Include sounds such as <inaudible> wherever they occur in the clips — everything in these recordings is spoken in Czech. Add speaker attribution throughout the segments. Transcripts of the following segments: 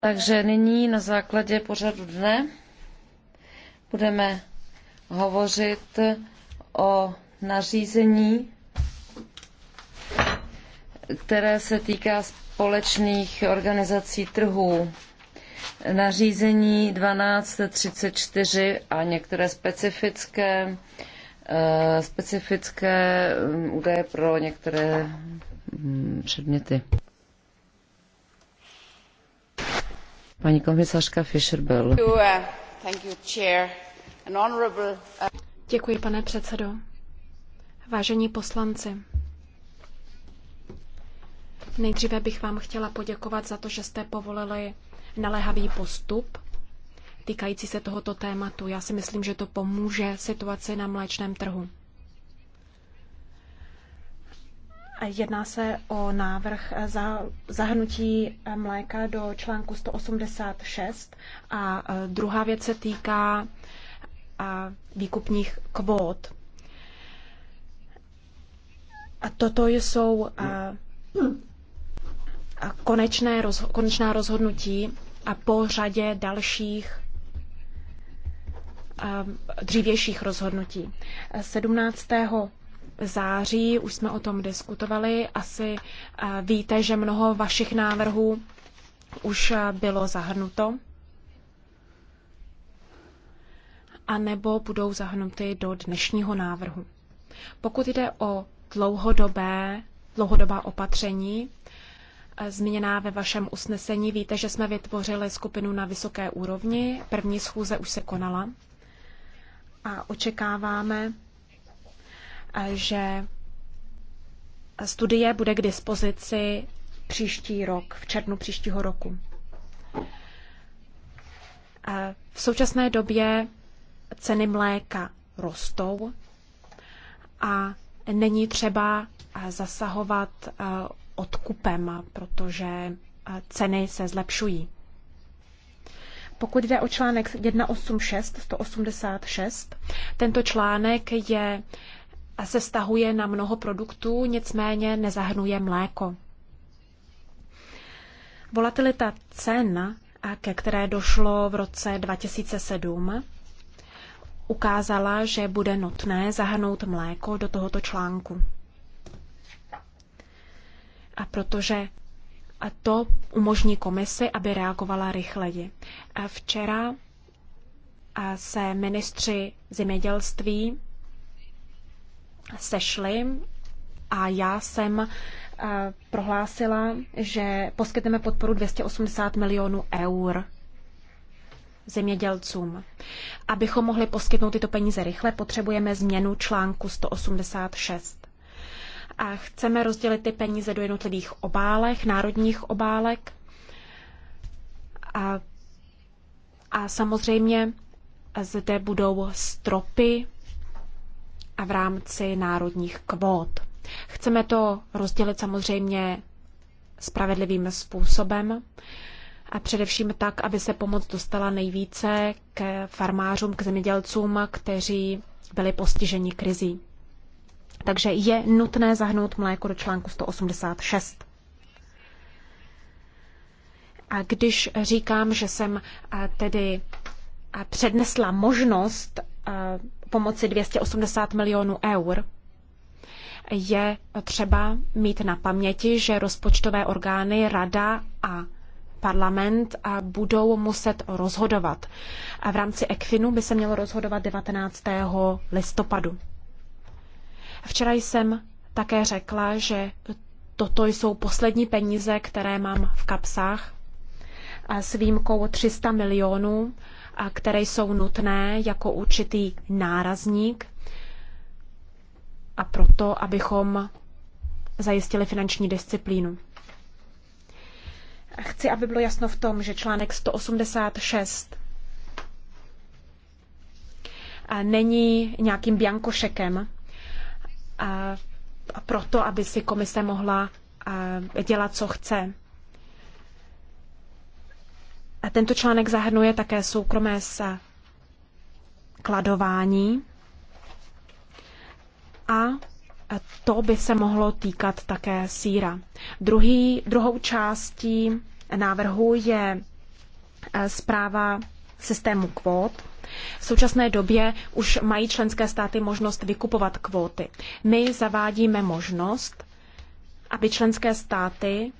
Speaker 1: Takže nyní na základě pořadu dne budeme hovořit o nařízení, které se týká společných organizací trhů. Nařízení 1234 a některé specifické, eh, specifické mm, údaje pro některé mm, předměty. Paní komisařka Fischer byl. Uh,
Speaker 2: uh, Děkuji, pane předsedo. Vážení poslanci, nejdříve bych vám chtěla poděkovat za to, že jste povolili naléhavý postup týkající se tohoto tématu. Já si myslím, že to pomůže situaci na mléčném trhu. Jedná se o návrh za zahrnutí eh, mléka do článku 186 a eh, druhá věc se týká eh, výkupních kvót. A toto jsou konečné rozho- konečná rozhodnutí a po řadě dalších dřívějších rozhodnutí. 17 září, už jsme o tom diskutovali, asi eh, víte, že mnoho vašich návrhů už eh, bylo zahrnuto. A nebo budou zahrnuty do dnešního návrhu. Pokud jde o dlouhodobé, dlouhodobá opatření, eh, zmíněná ve vašem usnesení, víte, že jsme vytvořili skupinu na vysoké úrovni. První schůze už se konala a očekáváme, že studie bude k dispozici příští rok, v červnu příštího roku. V současné době ceny mléka rostou a není třeba zasahovat eh, odkupem, protože eh, ceny se zlepšují. Pokud jde o článek 186, 186, tento článek je a se stahuje na mnoho produktů, nicméně nezahrnuje mléko. Volatilita cen, ke které došlo v roce 2007, ukázala, že bude nutné zahrnout mléko do tohoto článku. A protože a to umožní komisi, aby reagovala rychleji. A včera se ministři zemědělství sešli a já jsem eh, prohlásila, že poskytneme podporu 280 milionů eur zemědělcům. Abychom mohli poskytnout tyto peníze rychle, potřebujeme změnu článku 186. A chceme rozdělit ty peníze do jednotlivých obálek, národních obálek. A, a samozřejmě zde budou stropy a v rámci národních kvót. Chceme to rozdělit samozřejmě spravedlivým způsobem a především tak, aby se pomoc dostala nejvíce k farmářům, k zemědělcům, kteří byli postiženi krizí. Takže je nutné zahnout mléko do článku 186. A když říkám, že jsem tedy přednesla možnost pomoci 280 milionů eur, je třeba mít na paměti, že rozpočtové orgány, rada a parlament budou muset rozhodovat. A v rámci ECFINu by se mělo rozhodovat 19. listopadu. Včera jsem také řekla, že toto jsou poslední peníze, které mám v kapsách s výjimkou 300 milionů a které jsou nutné jako určitý nárazník a proto, abychom zajistili finanční disciplínu. Chci, aby bylo jasno v tom, že článek 186 není nějakým biankošekem proto, aby si komise mohla eh, dělat, co chce. A tento článek zahrnuje také soukromé kladování a to by se mohlo týkat také síra. Druhý, druhou částí návrhu je eh, zpráva systému kvót. V současné době už mají členské státy možnost vykupovat kvóty. My zavádíme možnost, aby členské státy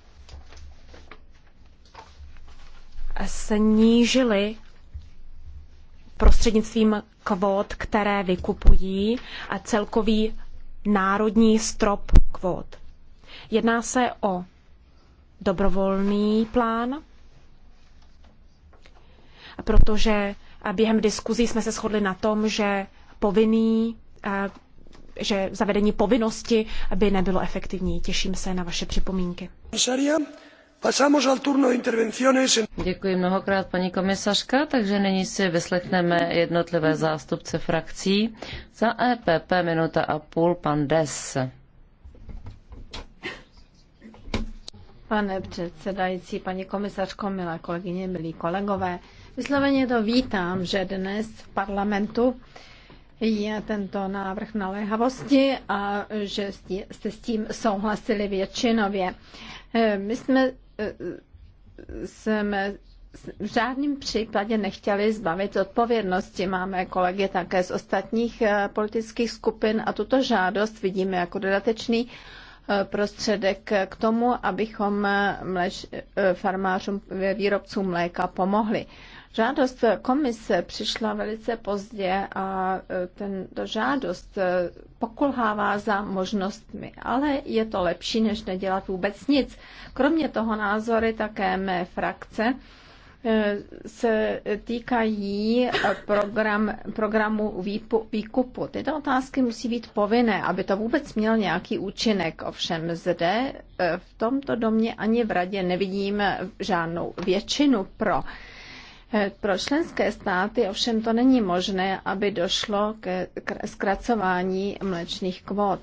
Speaker 2: snížily prostřednictvím kvót, které vykupují, a celkový národní strop kvót. Jedná se o dobrovolný plán, protože během diskuzí jsme se shodli na tom, že povinný, eh, že zavedení povinnosti by nebylo efektivní. Těším se na vaše připomínky.
Speaker 1: Děkuji mnohokrát, paní komisařka, takže nyní si vyslechneme jednotlivé zástupce frakcí. Za EPP minuta a půl, pan Des.
Speaker 3: Pane předsedající, paní komisařko, milé kolegyně, milí kolegové, vysloveně to vítám, že dnes v parlamentu je tento návrh naléhavosti a že jste s tím souhlasili většinově. My jsme jsme v žádném případě nechtěli zbavit odpovědnosti. Máme kolegy také z ostatních eh, politických skupin a tuto žádost vidíme jako dodatečný eh, prostředek k tomu, abychom eh, mleč, farmářům, výrobcům mléka pomohli. Žádost komise přišla velice pozdě a e, ten žádost e, pokulhává za možnostmi, ale je to lepší, než nedělat vůbec nic. Kromě toho názory také mé frakce e, se týkají program, programu výkupu. Tyto otázky musí být povinné, aby to vůbec měl nějaký účinek. Ovšem zde v tomto domě ani v radě nevidím žádnou většinu pro. Eh, pro členské státy ovšem to není možné, aby došlo ke zkracování mlečných kvot.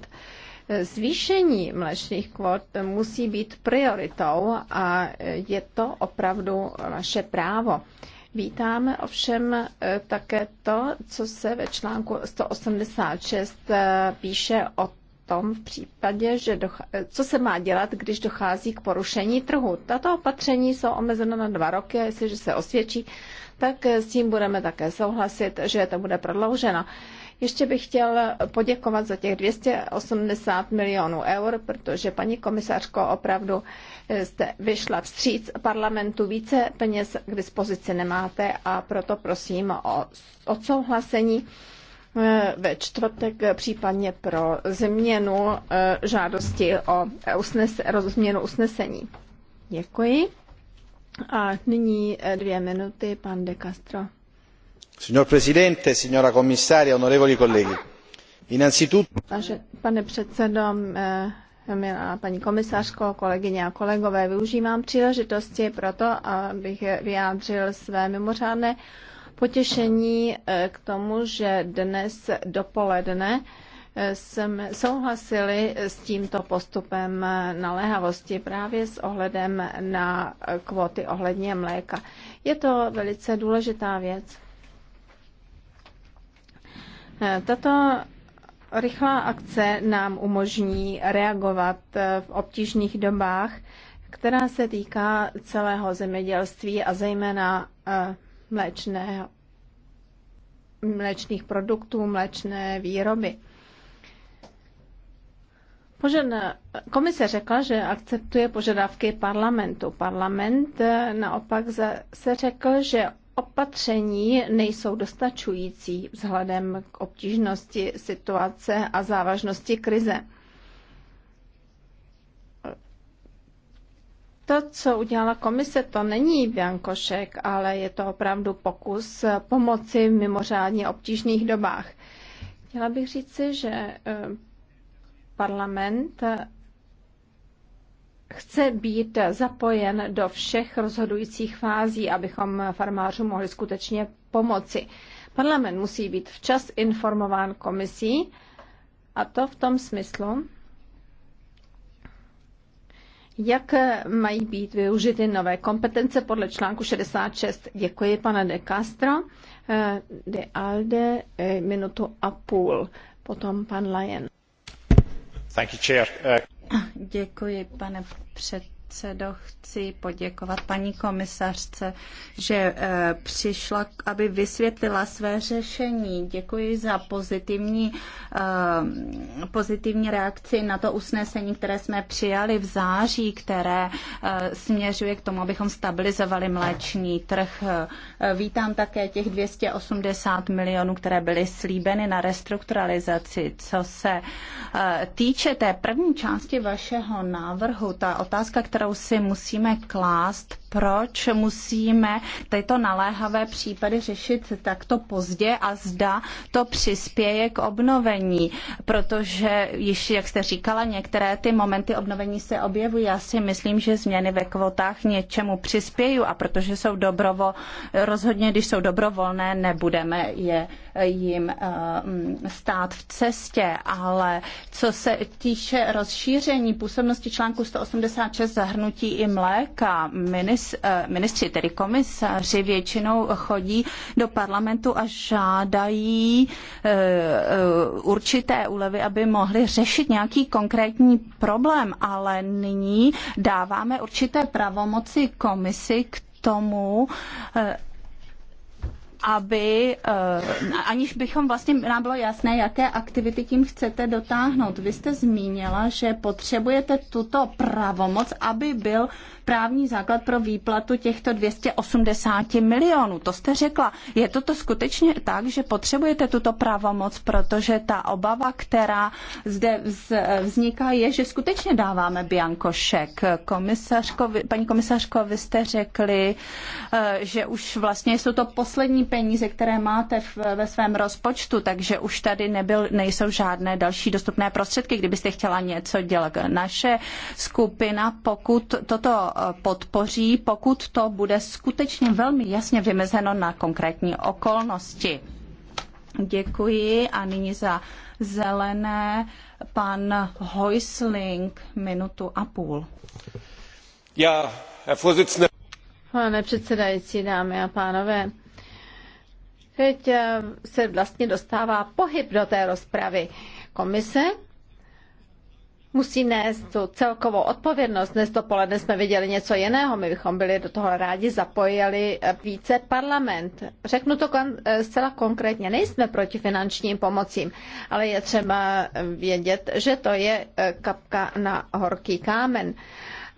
Speaker 3: Eh, zvýšení mlečných kvot musí být prioritou a eh, je to opravdu naše právo. Vítáme ovšem také to, co se ve článku 186 píše o tom v případě, že docha- co se má dělat, když dochází k porušení trhu. Tato opatření jsou omezena na dva roky a jestliže se osvědčí, tak s tím budeme také souhlasit, že to bude prodlouženo. Ještě bych chtěl poděkovat za těch 280 milionů eur, protože paní komisařko, opravdu jste vyšla vstříc parlamentu, více peněz k dispozici nemáte a proto prosím o odsouhlasení Eh, ve čtvrtek eh, případně pro změnu eh, žádosti o usnes, rozměnu usnesení. Děkuji. A nyní dvě minuty, pan De Castro. Signor Presidente, signora Commissaria, onorevoli
Speaker 1: colleghi. Innanzitutto...
Speaker 3: Pane předsedo, Milá paní komisařko, kolegyně a kolegové, využívám příležitosti pro to, abych vyjádřil své mimořádné potěšení eh, k tomu, že dnes dopoledne eh, jsme souhlasili s tímto postupem eh, naléhavosti právě s ohledem na kvóty ohledně mléka. Je to velice důležitá věc. Tato rychlá akce nám umožní reagovat v obtížných dobách, která se týká celého zemědělství a zejména mléčné, mléčných produktů, mléčné výroby. Požadna, komise řekla, že akceptuje požadavky parlamentu. Parlament naopak se řekl, že opatření nejsou dostačující vzhledem k obtížnosti situace a závažnosti krize. To, co udělala komise, to není biankošek, ale je to opravdu pokus pomoci v mimořádně obtížných dobách. Chtěla bych říci, že eh, parlament eh, chce být zapojen do všech rozhodujících fází, abychom farmářům mohli skutečně pomoci. Parlament musí být včas informován komisí, a to v tom smyslu, jak eh, mají být využity nové kompetence podle článku 66? Děkuji, pane de Castro. Eh, de Alde, eh, minutu a
Speaker 4: půl. Potom pan Lajen. Děkuji, pane předsedo předsedo, chci poděkovat paní komisařce, že eh, přišla, aby vysvětlila své řešení. Děkuji za pozitivní, eh, pozitivní reakci na to usnesení, které jsme přijali v září, které eh, směřuje k tomu, abychom stabilizovali mléčný trh. Vítám také těch 280 milionů, které byly slíbeny na restrukturalizaci. Co se týče té první části vašeho návrhu, ta otázka, která kterou si musíme klást, proč musíme tyto naléhavé případy řešit takto pozdě a zda to přispěje k obnovení, protože již, jak jste říkala, některé ty momenty obnovení se objevují. Já si myslím, že změny ve kvotách něčemu přispějí a protože jsou dobrovo, rozhodně, když jsou dobrovolné, nebudeme je jim eh, mm, stát v cestě, ale co se týče rozšíření působnosti článku 186 zahrnutí i mléka, ministr komis, eh, ministři, tedy komisaři, většinou chodí do parlamentu a žádají eh, eh, určité úlevy, aby mohli řešit nějaký konkrétní problém, ale nyní dáváme určité pravomoci komisi k tomu, aby, aniž bychom vlastně, nám bylo jasné, jaké aktivity tím chcete dotáhnout. Vy jste zmínila, že potřebujete tuto pravomoc, aby byl právní základ pro výplatu těchto 280 milionů. To jste řekla. Je to to skutečně tak, že potřebujete tuto pravomoc, protože ta obava, která zde vzniká, je, že skutečně dáváme biankošek. Komisařko, paní komisařko, vy jste řekli, eh, že už vlastně jsou to poslední peníze, které máte ve svém rozpočtu, takže už tady nebyl, nejsou žádné další dostupné prostředky, kdybyste chtěla něco dělat. Naše skupina, pokud toto podpoří, pokud to bude skutečně velmi jasně vymezeno na konkrétní okolnosti. Děkuji a nyní za zelené pan Heusling minutu a půl. Já, Herr Pane předsedající,
Speaker 3: dámy a pánové, teď se vlastně dostává pohyb do té rozpravy. Komise musí nést tu celkovou odpovědnost. Dnes dopoledne jsme viděli něco jiného, my bychom byli do toho rádi zapojili eh, více parlament. Řeknu to kon- eh, zcela konkrétně, nejsme proti finančním pomocím, ale je třeba eh, vědět, že to je kapka na horký kámen.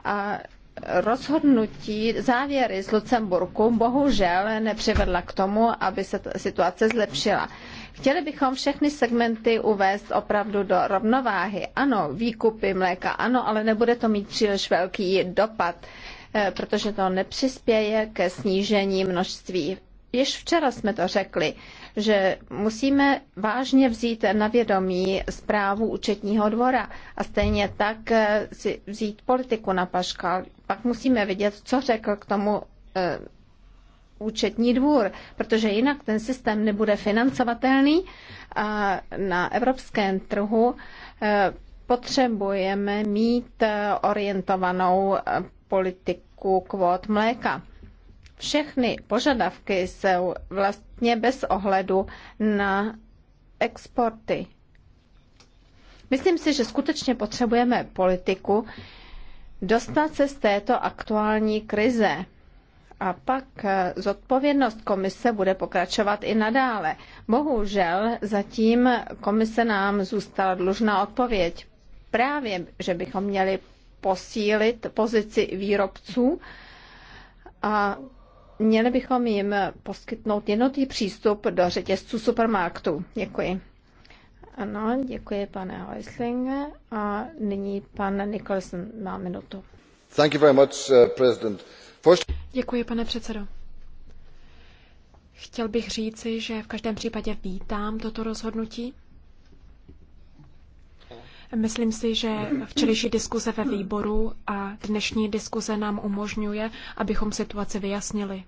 Speaker 3: A rozhodnutí, závěry z Lucemburku bohužel nepřivedla k tomu, aby se situace zlepšila. Chtěli bychom všechny segmenty uvést opravdu do rovnováhy. Ano, výkupy mléka, ano, ale nebude to mít příliš velký dopad, eh, protože to nepřispěje ke snížení množství. Již včera jsme to řekli, že musíme vážně vzít na vědomí zprávu účetního dvora a stejně tak eh, si vzít politiku na paškal. Pak musíme vidět, co řekl k tomu eh, účetní dvůr, protože jinak ten systém nebude financovatelný a na evropském trhu eh, potřebujeme mít eh, orientovanou eh, politiku kvót mléka. Všechny požadavky jsou vlastně bez ohledu na exporty. Myslím si, že skutečně potřebujeme politiku dostat se z této aktuální krize a pak eh, zodpovědnost komise bude pokračovat i nadále. Bohužel zatím komise nám zůstala dlužná odpověď. Právě, že bychom měli posílit pozici výrobců a měli bychom jim poskytnout jednotný přístup do řetězců supermarktu. Děkuji. Ano, děkuji pane Heuslinge a nyní pan Nicholson má minutu. Thank you very much, uh, President.
Speaker 2: Děkuji, pane předsedo. Chtěl bych říci, že v každém případě vítám toto rozhodnutí. Myslím si, že včerejší diskuze ve výboru a dnešní diskuze nám umožňuje, abychom situaci vyjasnili.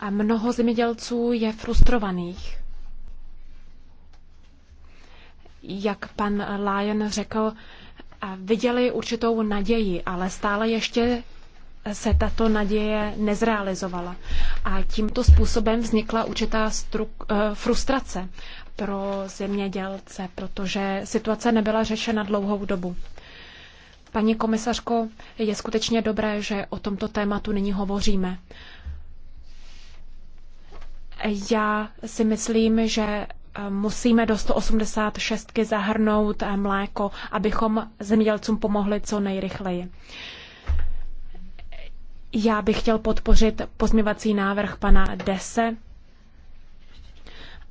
Speaker 2: A mnoho zemědělců je frustrovaných. Jak pan Lyon řekl, viděli určitou naději, ale stále ještě se tato naděje nezrealizovala. A tímto způsobem vznikla určitá eh, frustrace pro zemědělce, protože situace nebyla řešena dlouhou dobu. Paní komisařko, je skutečně dobré, že o tomto tématu nyní hovoříme. Já si myslím, že musíme do 186 zahrnout eh, mléko, abychom zemědělcům pomohli co nejrychleji. Já bych chtěl podpořit pozměvací návrh pana Dese,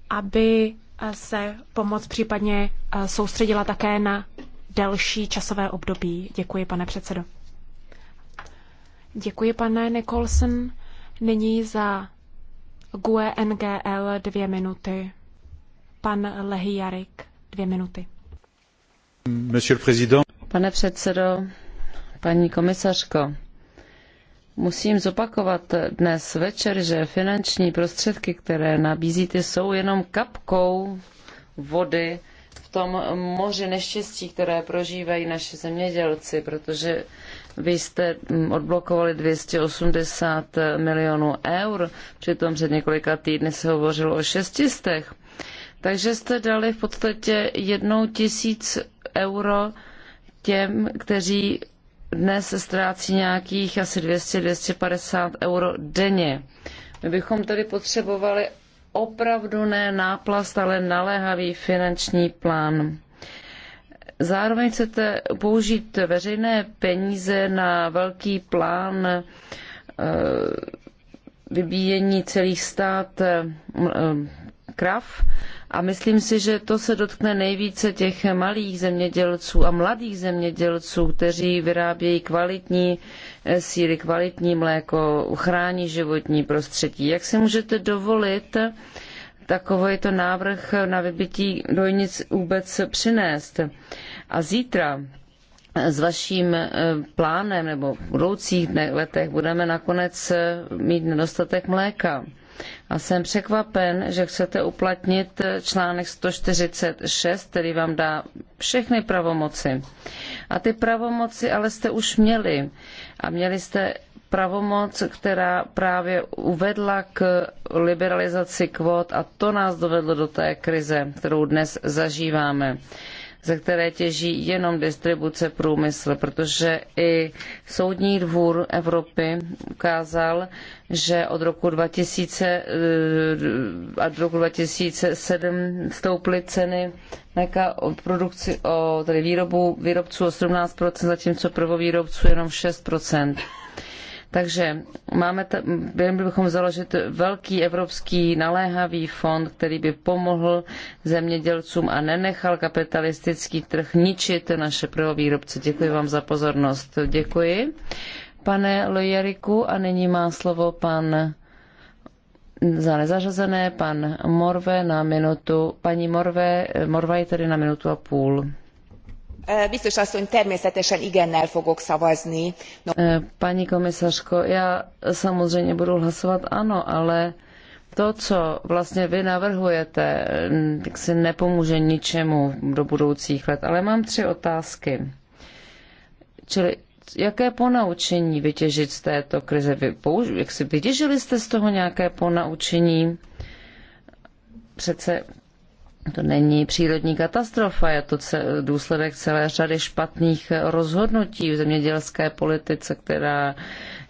Speaker 2: aby eh, se pomoc případně eh, soustředila také na delší časové období. Děkuji, pane předsedo. Děkuji, pane Nicholson. Nyní za GUE NGL dvě minuty. Pane předsedo, paní komisařko,
Speaker 1: musím zopakovat dnes večer, že finanční prostředky, které nabízíte, jsou jenom kapkou vody v tom moři neštěstí, které prožívají naši zemědělci, protože vy jste odblokovali 280 milionů eur, přitom před několika týdny se hovořilo o šestistech. Takže jste dali v podstatě jednou tisíc euro těm, kteří dnes ztrácí nějakých asi 200-250 euro denně. My bychom tedy potřebovali opravdu ne náplast, ale naléhavý finanční plán. Zároveň chcete použít veřejné peníze na velký plán eh, vybíjení celých stát eh, eh, krav. A myslím si, že to se dotkne nejvíce těch malých zemědělců a mladých zemědělců, kteří vyrábějí kvalitní eh, síry, kvalitní mléko, chrání životní prostředí. Jak si můžete dovolit takovýto návrh na vybití dojnic vůbec přinést? A zítra s vaším eh, plánem nebo v budoucích letech budeme nakonec eh, mít nedostatek mléka. A jsem překvapen, že chcete uplatnit článek 146, který vám dá všechny pravomoci. A ty pravomoci ale jste už měli. A měli jste pravomoc, která právě uvedla k liberalizaci kvót a to nás dovedlo do té krize, kterou dnes zažíváme ze které těží jenom distribuce průmysl, protože i Soudní dvůr Evropy ukázal, že od roku 2000 a do roku 2007 stouply ceny mléka o produkci, o, tedy výrobu výrobců o 17%, zatímco prvovýrobců jenom 6%. Takže máme t- měli bychom založit velký evropský naléhavý fond, který by pomohl zemědělcům a nenechal kapitalistický trh ničit naše prvovýrobce. Děkuji vám za pozornost. Děkuji, pane Lojeriku. A nyní má slovo pan za nezařazené, pan Morve na minutu, paní Morve, Morva je tedy na minutu a půl. Biztos asszony, természetesen igennel fogok szavazni. No. Paní komisařko, já samozřejmě budu hlasovat ano, ale to, co vlastně vy navrhujete, tak si nepomůže ničemu do budoucích let. Ale mám tři otázky. Čili jaké ponaučení vytěžit z této krize? Vy použ- jak si vytěžili jste z toho nějaké ponaučení? Přece to není přírodní katastrofa, je to důsledek celé řady špatných rozhodnutí v zemědělské politice, která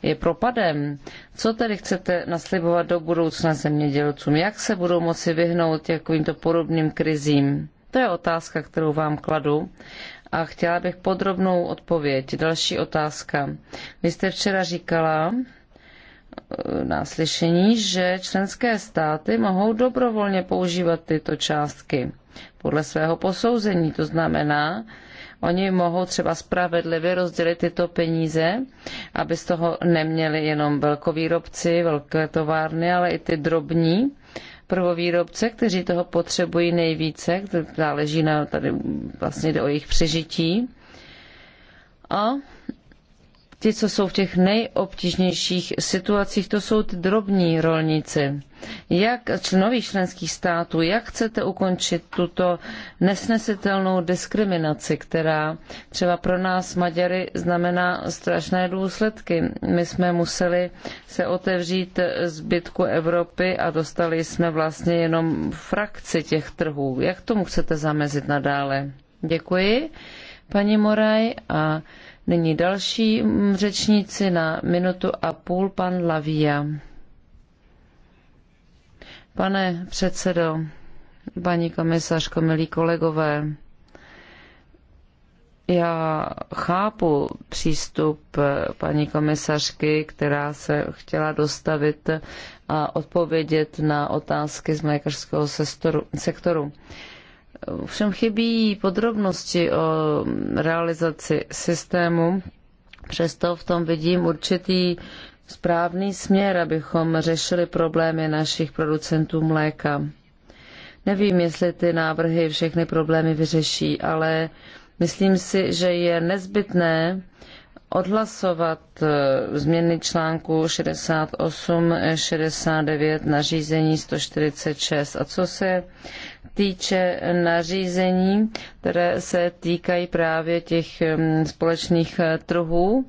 Speaker 1: je propadem. Co tedy chcete naslibovat do budoucna zemědělcům? Jak se budou moci vyhnout takovýmto podobným krizím? To je otázka, kterou vám kladu a chtěla bych podrobnou odpověď. Další otázka. Vy jste včera říkala, Eh, na slyšení, že členské státy mohou dobrovolně používat tyto částky podle svého posouzení. To znamená, oni mohou třeba spravedlivě rozdělit tyto peníze, aby z toho neměli jenom velkovýrobci, velké továrny, ale i ty drobní prvovýrobce, kteří toho potřebují nejvíce, záleží na, tady vlastně jde o jejich přežití. A Ti, co jsou v těch nejobtížnějších situacích, to jsou ty drobní rolníci. Jak nových členských států, jak chcete ukončit tuto nesnesitelnou diskriminaci, která třeba pro nás Maďary znamená strašné důsledky. My jsme museli se otevřít zbytku Evropy a dostali jsme vlastně jenom frakci těch trhů. Jak tomu chcete zamezit nadále? Děkuji, paní Moraj. A Nyní další mm, řečníci na minutu a půl, pan Lavia. Pane předsedo, paní komisařko, milí kolegové, já chápu přístup paní komisařky, která se chtěla dostavit a odpovědět na otázky z mlékařského sektoru. Všem chybí podrobnosti o realizaci systému, přesto v tom vidím určitý správný směr, abychom řešili problémy našich producentů mléka. Nevím, jestli ty návrhy všechny problémy vyřeší, ale myslím si, že je nezbytné odhlasovat eh, změny článku 68, 69, eh, nařízení 146. A co se týče nařízení, které se týkají právě těch mm, společných eh, trhů,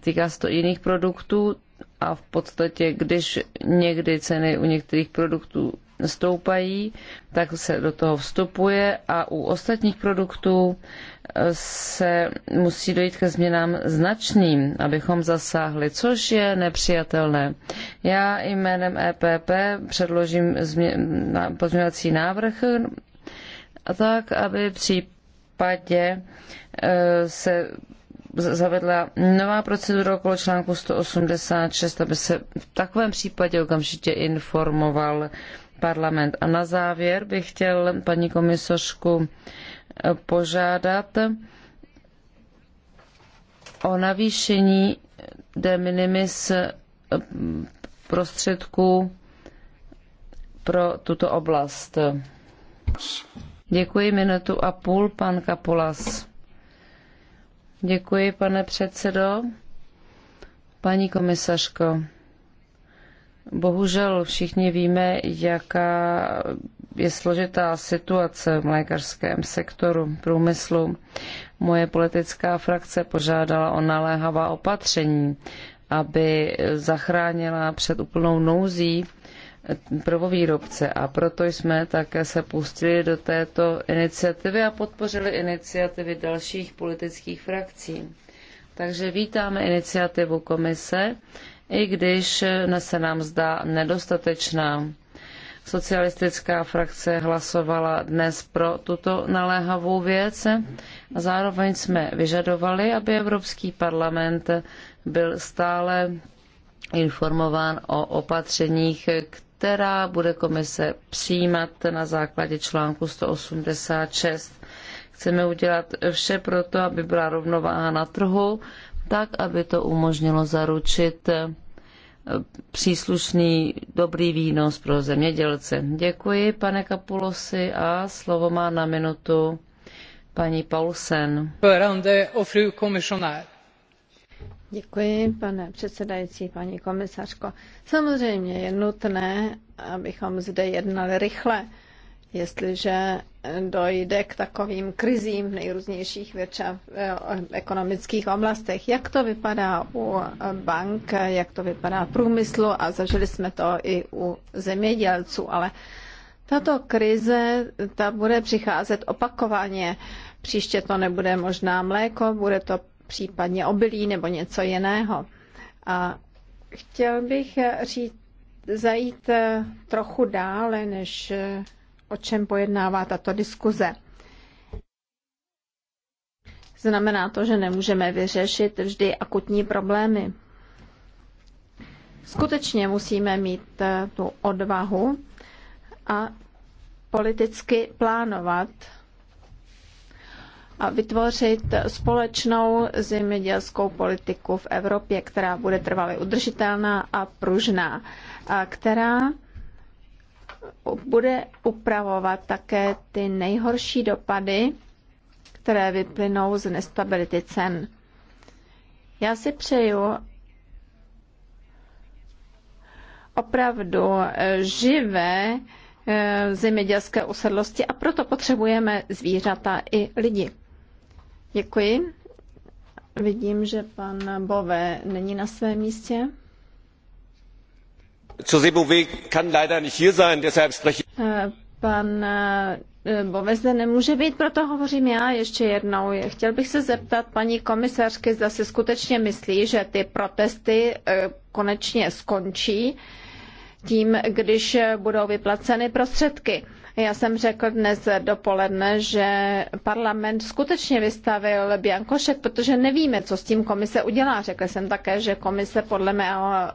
Speaker 1: týká se to jiných produktů a v podstatě, když někdy ceny u některých produktů stoupají, tak se do toho vstupuje a u ostatních produktů se musí dojít ke změnám značným, abychom zasáhli, což je nepřijatelné. Já jménem EPP předložím pozměňovací návrh a tak, aby v případě e, se zavedla nová procedura okolo článku 186, aby se v takovém případě okamžitě informoval parlament. A na závěr bych chtěl paní komisařku požádat o navýšení de minimis eh, prostředků pro tuto oblast. Děkuji minutu a půl, pan Kapulas. Děkuji, pane předsedo. Paní komisařko, Bohužel všichni víme, jaká je složitá situace v lékařském sektoru průmyslu. Moje politická frakce požádala o naléhavá opatření, aby zachránila před úplnou nouzí prvovýrobce a proto jsme také se pustili do této iniciativy a podpořili iniciativy dalších politických frakcí. Takže vítáme iniciativu komise, i když se nám zdá nedostatečná. Socialistická frakce hlasovala dnes pro tuto naléhavou věc a zároveň jsme vyžadovali, aby Evropský parlament byl stále informován o opatřeních, která bude komise přijímat na základě článku 186. Chceme udělat vše pro to, aby byla rovnováha na trhu, tak aby to umožnilo zaručit eh, příslušný dobrý výnos pro zemědělce. Děkuji, pane Kapulosi, a slovo má na minutu paní Paulsen. Děkuji, pane
Speaker 3: předsedající, paní komisařko. Samozřejmě je nutné, abychom zde jednali rychle jestliže dojde k takovým krizím v nejrůznějších větša eh, ekonomických oblastech. Jak to vypadá u bank, jak to vypadá v průmyslu a zažili jsme to i u zemědělců, ale tato krize, ta bude přicházet opakovaně. Příště to nebude možná mléko, bude to případně obilí nebo něco jiného. A chtěl bych říct, zajít trochu dále, než o čem pojednává tato diskuze. Znamená to, že nemůžeme vyřešit vždy akutní problémy. Skutečně musíme mít eh, tu odvahu a politicky plánovat a vytvořit společnou zemědělskou politiku v Evropě, která bude trvale udržitelná a pružná, a která bude upravovat také ty nejhorší dopady, které vyplynou z nestability cen. Já si přeju opravdu eh, živé eh, zemědělské usedlosti a proto potřebujeme zvířata i lidi. Děkuji. Vidím, že pan Bové není na svém místě.
Speaker 1: Eh,
Speaker 3: pan eh, Bové zde nemůže být, proto hovořím já ještě jednou. Chtěl bych se zeptat paní komisařky, zda si skutečně myslí, že ty protesty eh, konečně skončí tím, když budou vyplaceny prostředky. Já jsem řekl dnes dopoledne, že parlament skutečně vystavil Biankošek, protože nevíme, co s tím komise udělá. Řekl jsem také, že komise podle mého eh,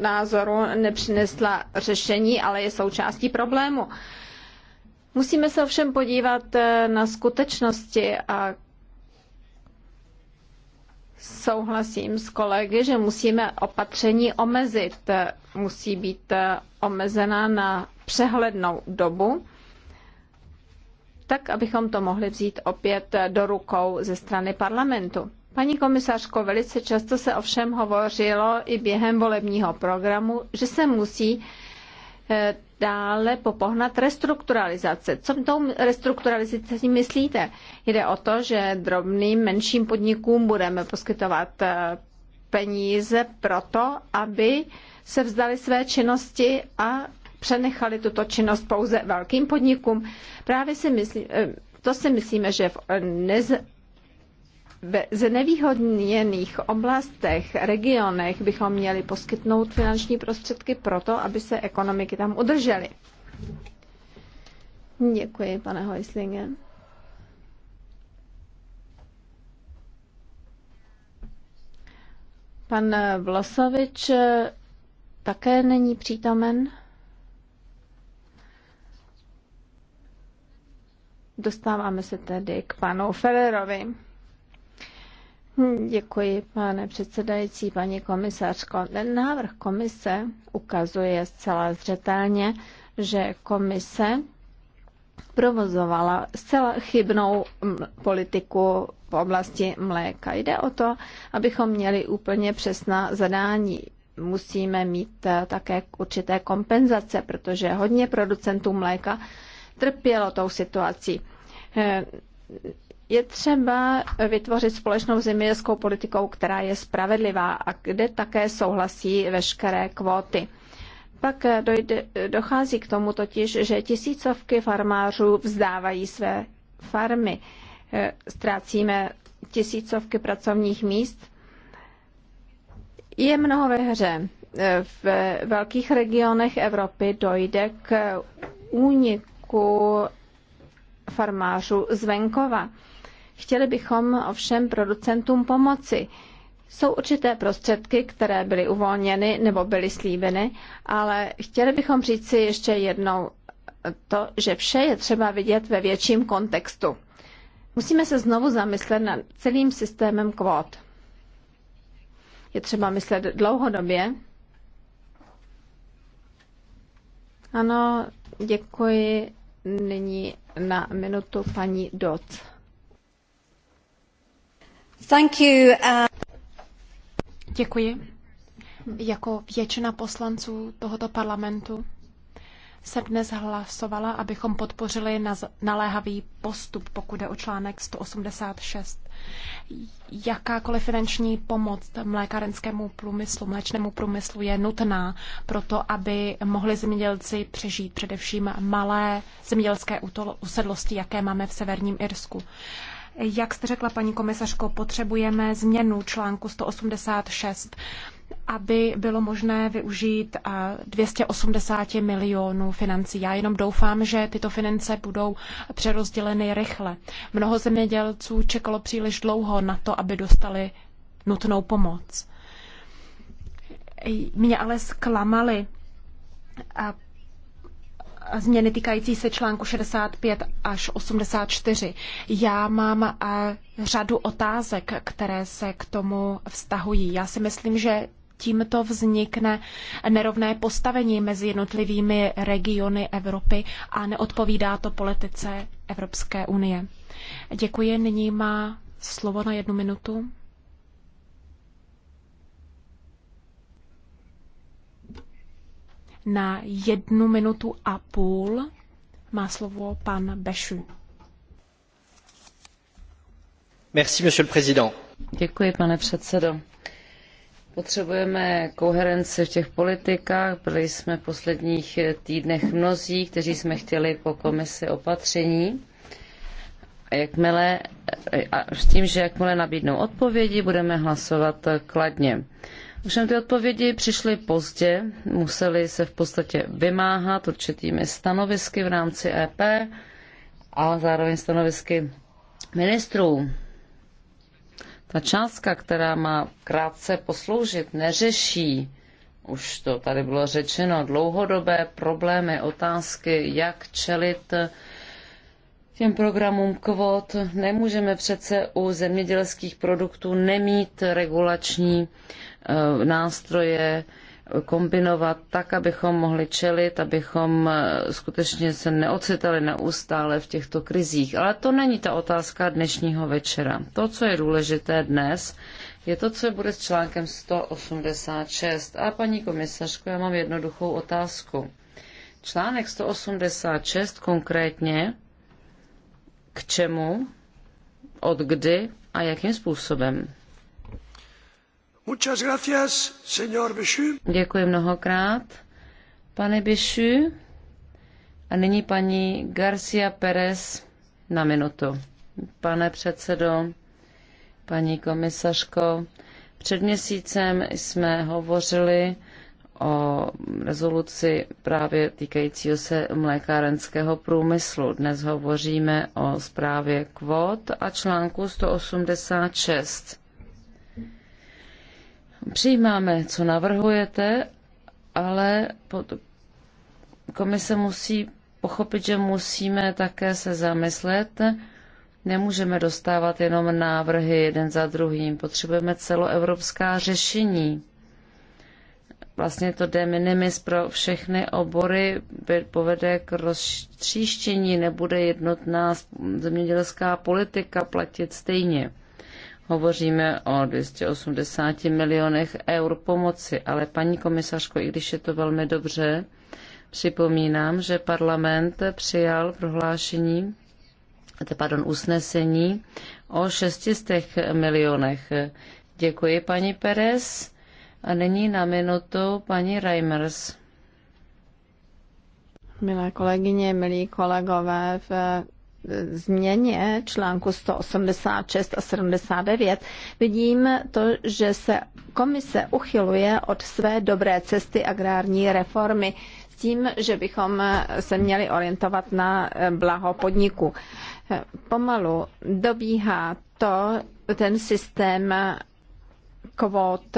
Speaker 3: názoru nepřinesla řešení, ale je součástí problému. Musíme se ovšem podívat eh, na skutečnosti a souhlasím s kolegy, že musíme opatření omezit. Eh, musí být omezená na přehlednou dobu, tak abychom to mohli vzít opět do rukou ze strany parlamentu. Paní komisařko, velice často se ovšem hovořilo i během volebního programu, že se musí eh, dále popohnat restrukturalizace. Co tou restrukturalizací myslíte? Jde o to, že drobným menším podnikům budeme poskytovat eh, peníze proto, aby se vzdali své činnosti a přenechali tuto činnost pouze velkým podnikům. Právě si myslím, eh, to si myslíme, že v nez, ve znevýhodněných oblastech, regionech bychom měli poskytnout finanční prostředky proto, aby se ekonomiky tam udržely. Děkuji, pane Hojslinge. Pan Vlasovič také není přítomen. Dostáváme se tedy k panu Ferrerovi. Děkuji, pane předsedající, paní komisařko. Ten návrh komise ukazuje zcela zřetelně, že komise provozovala zcela chybnou politiku v oblasti mléka. Jde o to, abychom měli úplně přesná zadání. Musíme mít eh, také určité kompenzace, protože hodně producentů mléka trpělo tou situací. Eh, je třeba vytvořit společnou zemědělskou politikou, která je spravedlivá a kde také souhlasí veškeré kvóty. Pak eh, dojde, dochází k tomu totiž, že tisícovky farmářů vzdávají své farmy. Eh, ztrácíme tisícovky pracovních míst. Je mnoho ve hře. V velkých regionech Evropy dojde k úniku výrobků farmářů z venkova. Chtěli bychom ovšem producentům pomoci. Jsou určité prostředky, které byly uvolněny nebo byly slíbeny, ale chtěli bychom si ještě jednou to, že vše je třeba vidět ve větším kontextu. Musíme se znovu zamyslet nad celým systémem kvót. Je třeba myslet dlouhodobě. Ano, děkuji Nyní na minutu paní Dot.
Speaker 2: Thank you. Uh... Děkuji. Jako většina poslanců tohoto parlamentu se dnes hlasovala, abychom podpořili naléhavý postup, pokud je o článek 186. Jakákoliv finanční pomoc mlékárenskému průmyslu, mléčnému průmyslu je nutná pro to, aby mohli zemědělci přežít především malé zemědělské usedlosti, jaké máme v severním Irsku. Jak jste řekla, paní komisařko, potřebujeme změnu článku 186 aby bylo možné využít 280 eh, milionů financí. Já jenom doufám, že tyto finance budou přerozděleny rychle. Mnoho zemědělců čekalo příliš dlouho na to, aby dostali nutnou pomoc. Mě ale zklamaly eh, změny týkající se článku 65 až 84. Já mám eh, řadu otázek, které se k tomu vztahují. Já si myslím, že tímto vznikne nerovné postavení mezi jednotlivými regiony Evropy a neodpovídá to politice Evropské unie. Děkuji, nyní má slovo na jednu minutu. Na jednu minutu a půl má slovo pan Bešu.
Speaker 1: Merci, monsieur le président. Děkuji, pane předsedo
Speaker 2: Potřebujeme
Speaker 1: koherenci v těch politikách. Byli jsme v posledních týdnech mnozí, kteří jsme chtěli po komisi opatření. A jakmile, a s tím, že jakmile nabídnou odpovědi, budeme hlasovat kladně. Všem ty odpovědi přišly pozdě, museli se v podstatě vymáhat určitými stanovisky v rámci EP a zároveň stanovisky ministrů. Ta částka, která má krátce posloužit, neřeší, už to tady bylo řečeno, dlouhodobé problémy, otázky, jak čelit těm programům kvot. Nemůžeme přece u zemědělských produktů nemít regulační eh, nástroje, kombinovat tak, abychom mohli čelit, abychom eh, skutečně se neocitali neustále v těchto krizích. Ale to není ta otázka dnešního večera. To, co je důležité dnes, je to, co bude s článkem 186. A paní komisařko, já mám jednoduchou otázku. Článek 186 konkrétně k čemu, od kdy a jakým způsobem? Děkuji mnohokrát, pane Bishu, A nyní paní Garcia Perez na minutu. Pane předsedo, paní komisařko, před měsícem jsme hovořili o rezoluci právě týkajícího se mlékárenského průmyslu. Dnes hovoříme o zprávě kvót a článku 186 Přijímáme, co navrhujete, ale komise musí pochopit, že musíme také se zamyslet. Nemůžeme dostávat jenom návrhy jeden za druhým. Potřebujeme celoevropská řešení. Vlastně to de minimis pro všechny obory by povede k roztříštění, nebude jednotná zemědělská politika platit stejně. Hovoříme o 280 milionech eur pomoci, ale paní komisařko, i když je to velmi dobře, připomínám, že parlament přijal prohlášení, pardon, usnesení o 600 milionech. Děkuji, paní Perez. A nyní na minutu paní Reimers. Milé kolegyně,
Speaker 3: milí kolegové, v změně článku 186 a 79 vidím to, že se komise uchyluje od své dobré cesty agrární reformy s tím, že bychom se měli orientovat na blaho podniku. Pomalu dobíhá to ten systém kvót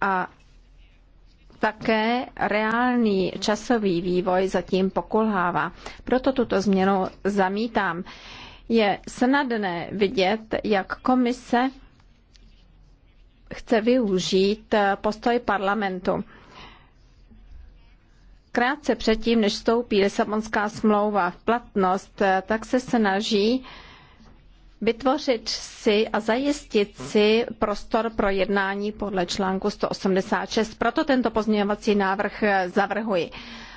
Speaker 3: a také reálný časový vývoj zatím pokulhává. Proto tuto změnu zamítám. Je snadné vidět, jak komise chce využít postoj parlamentu. Krátce předtím, než vstoupí Lisabonská smlouva v platnost, tak se snaží uh, vytvořit si a zajistit si prostor pro jednání podle článku 186. Proto tento pozměňovací návrh zavrhuji.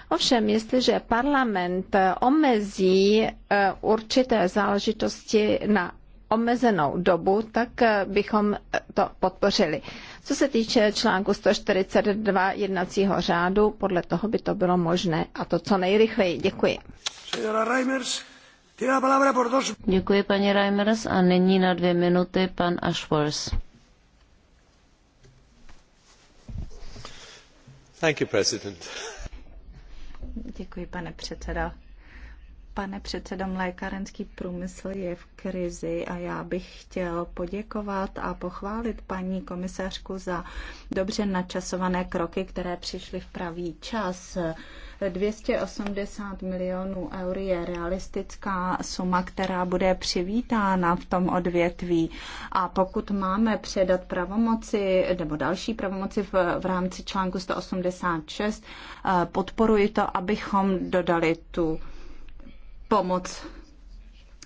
Speaker 3: Ovšem, jestliže parlament omezí eh, určité záležitosti na omezenou dobu, tak eh, bychom eh, to podpořili. Co se týče článku 142 jednacího řádu, podle toho by to bylo možné a to co
Speaker 1: nejrychleji. Děkuji. Reimers. Děkuji, paní Reimers. A nyní na dvě minuty pan Ashworth. Thank you, President.
Speaker 4: Děkuji, pane předseda. Pane předsedom, lékárenský průmysl je v krizi a já bych chtěl poděkovat a pochválit paní komisařku za dobře načasované kroky, které přišly v pravý čas. 280 milionů eur je realistická suma, která bude přivítána v tom odvětví. A pokud máme předat pravomoci nebo další pravomoci v, v rámci článku 186, eh, podporuji to, abychom dodali tu pomoc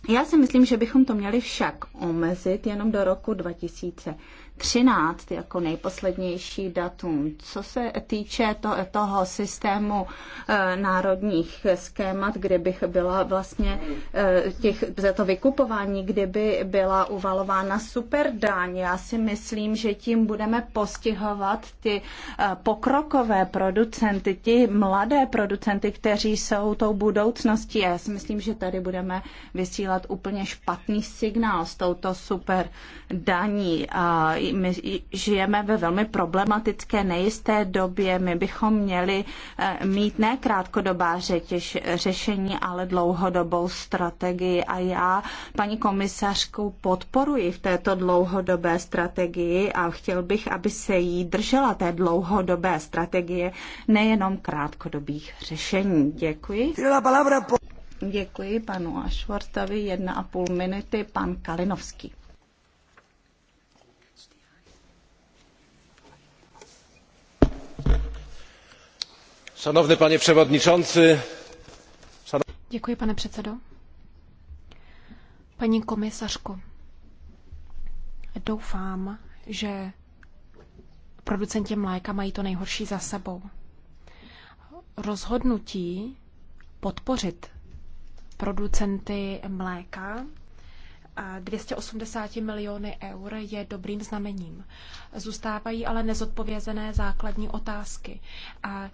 Speaker 4: já si myslím, že bychom to měli však omezit jenom do roku 2000. 13 jako nejposlednější datum. Co se týče to, toho systému e, národních schémat, kde bych byla vlastně e, těch, za to vykupování, kdyby byla uvalována superdáň, já si myslím, že tím budeme postihovat ty e, pokrokové producenty, ty mladé producenty, kteří jsou tou budoucností. Já si myslím, že tady budeme vysílat úplně špatný signál s touto super daní. A my žijeme ve velmi problematické, nejisté době. My bychom měli eh, mít ne krátkodobá řetěž, řešení, ale dlouhodobou strategii. A já paní komisařku podporuji v této dlouhodobé strategii a chtěl bych, aby se jí držela té dlouhodobé strategie, nejenom krátkodobých řešení. Děkuji. Děkuji panu Ašvartovi. Jedna a půl minuty, pan Kalinovský.
Speaker 2: pane předsedo. Paní komisařko, doufám, že producenti mléka mají to nejhorší za sebou. Rozhodnutí podpořit producenty mléka 280 miliony eur je dobrým znamením. Zůstávají ale nezodpovězené základní otázky. A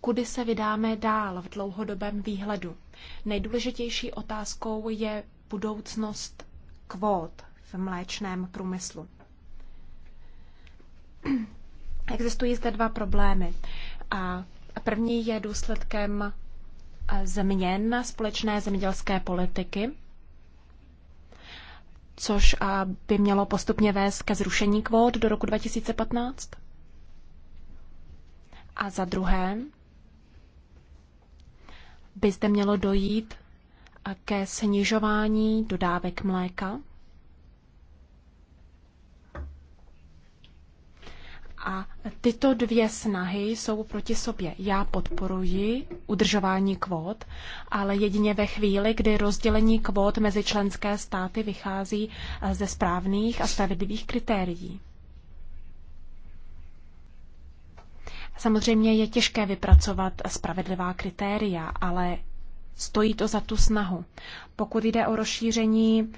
Speaker 2: kudy se vydáme dál v dlouhodobém výhledu. Nejdůležitější otázkou je budoucnost kvót v mléčném průmyslu. <clears throat> Existují zde dva problémy. A první je důsledkem e, změn společné zemědělské politiky, což e, by mělo postupně vést ke zrušení kvót do roku 2015. A za druhé by zde mělo dojít ke snižování dodávek mléka. A tyto dvě snahy jsou proti sobě. Já podporuji udržování kvót, ale jedině ve chvíli, kdy rozdělení kvót mezi členské státy vychází ze správných a spravedlivých kritérií. Samozřejmě je těžké vypracovat spravedlivá kritéria, ale stojí to za tu snahu. Pokud jde o rozšíření